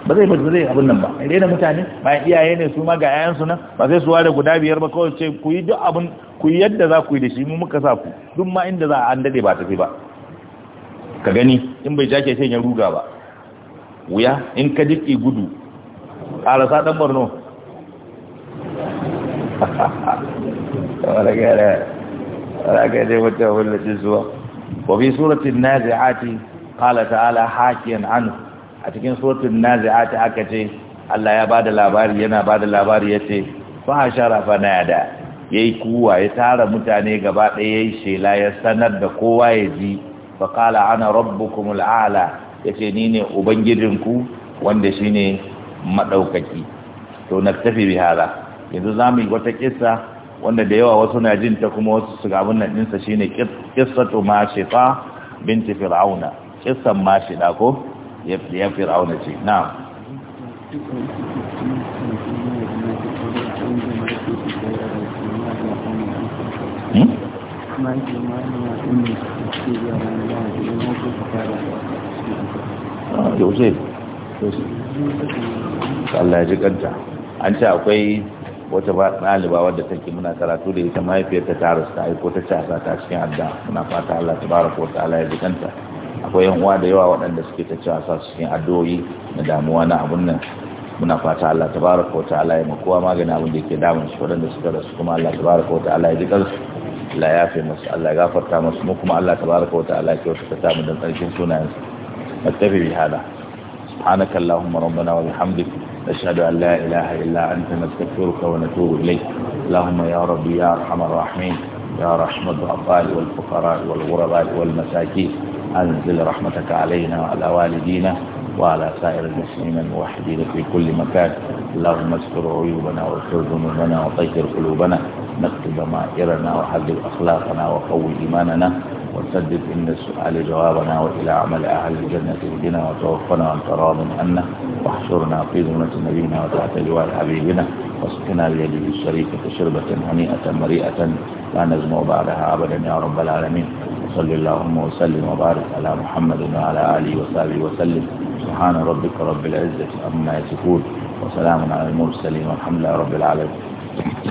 ba zai mutu zai abun nan ba a daina mutane bayan iyaye ne su ma ga yayansu nan ba sai su ware guda biyar ba kawai ce ku yi duk abun ku yi yadda za ku yi da shi mu muka sa ku duk ma inda za a an dade ba tafi ba ka gani in bai jake sai ya ruga ba wuya in ka jiki gudu rasa ɗan borno *laughs* wala gara wala kai dai wata wallace zuwa wa bi suratul nazi'ati qala ta'ala hakiyan anhu a cikin suratul nazi'ati aka ce Allah ya da labari yana bada labari yace fa hashara fa nada yayi kuwa ya tara mutane gaba ɗaya yayi shela ya sanar da kowa ya ji fa qala ana rabbukumul a'la yace nine, ne ku wanda shine madaukaki to naktafi bi hada yanzu zamu yi wata kissa wanda da yawa wasu na jin ta kuma wasu su gabin nan ɗinsa shi ne shi fa binti fir'auna ƙissan mashiɗa ko ya fir'auna ce na hmm? ah, yau Allah ya ji kanta an ce akwai wata ba ɗaliba wadda take muna karatu da ita mahaifiyarta ta rasu ta aiko ta casa ta cikin adda muna fata Allah ta baraka wa ta'ala ya jikanta akwai yan uwa da yawa waɗanda suke ta cewa sa cikin addu'o'i na damuwa na abun nan muna fata Allah ta baraka wa ta'ala ya makowa magana abin da yake damun shi waɗanda suka rasu kuma Allah ta baraka wa ta'ala ya jikansu Allah ya fi masu Allah ya gafarta masu mu kuma Allah ta baraka wa ta'ala ya kyautata ta mu dan tsarkin sunayensa. Mattafi bi hada. سبحانك اللهم wa وبحمدك أشهد أن لا إله إلا أنت نستغفرك ونتوب إليك اللهم يا ربي يا أرحم الراحمين يا رحمة الضعفاء والفقراء والغرباء والمساكين أنزل رحمتك علينا وعلى والدينا وعلى سائر المسلمين الموحدين في كل مكان اللهم استر عيوبنا واغفر ذنوبنا وطهر قلوبنا نكتب ضمائرنا وحذر أخلاقنا وقوي إيماننا وسدد إن السؤال جوابنا وإلى عمل أهل الجنة بنا وتوفنا عن راض عنا واحشرنا في ذمة نبينا وتحت لواء حبيبنا واسقنا بيده الشريفة شربة هنيئة مريئة لا نزمع بعدها أبدا يا رب العالمين وصل اللهم وسلم وبارك على محمد وعلى آله وصحبه وسلم سبحان ربك رب العزة عما يصفون وسلام على المرسلين والحمد لله رب العالمين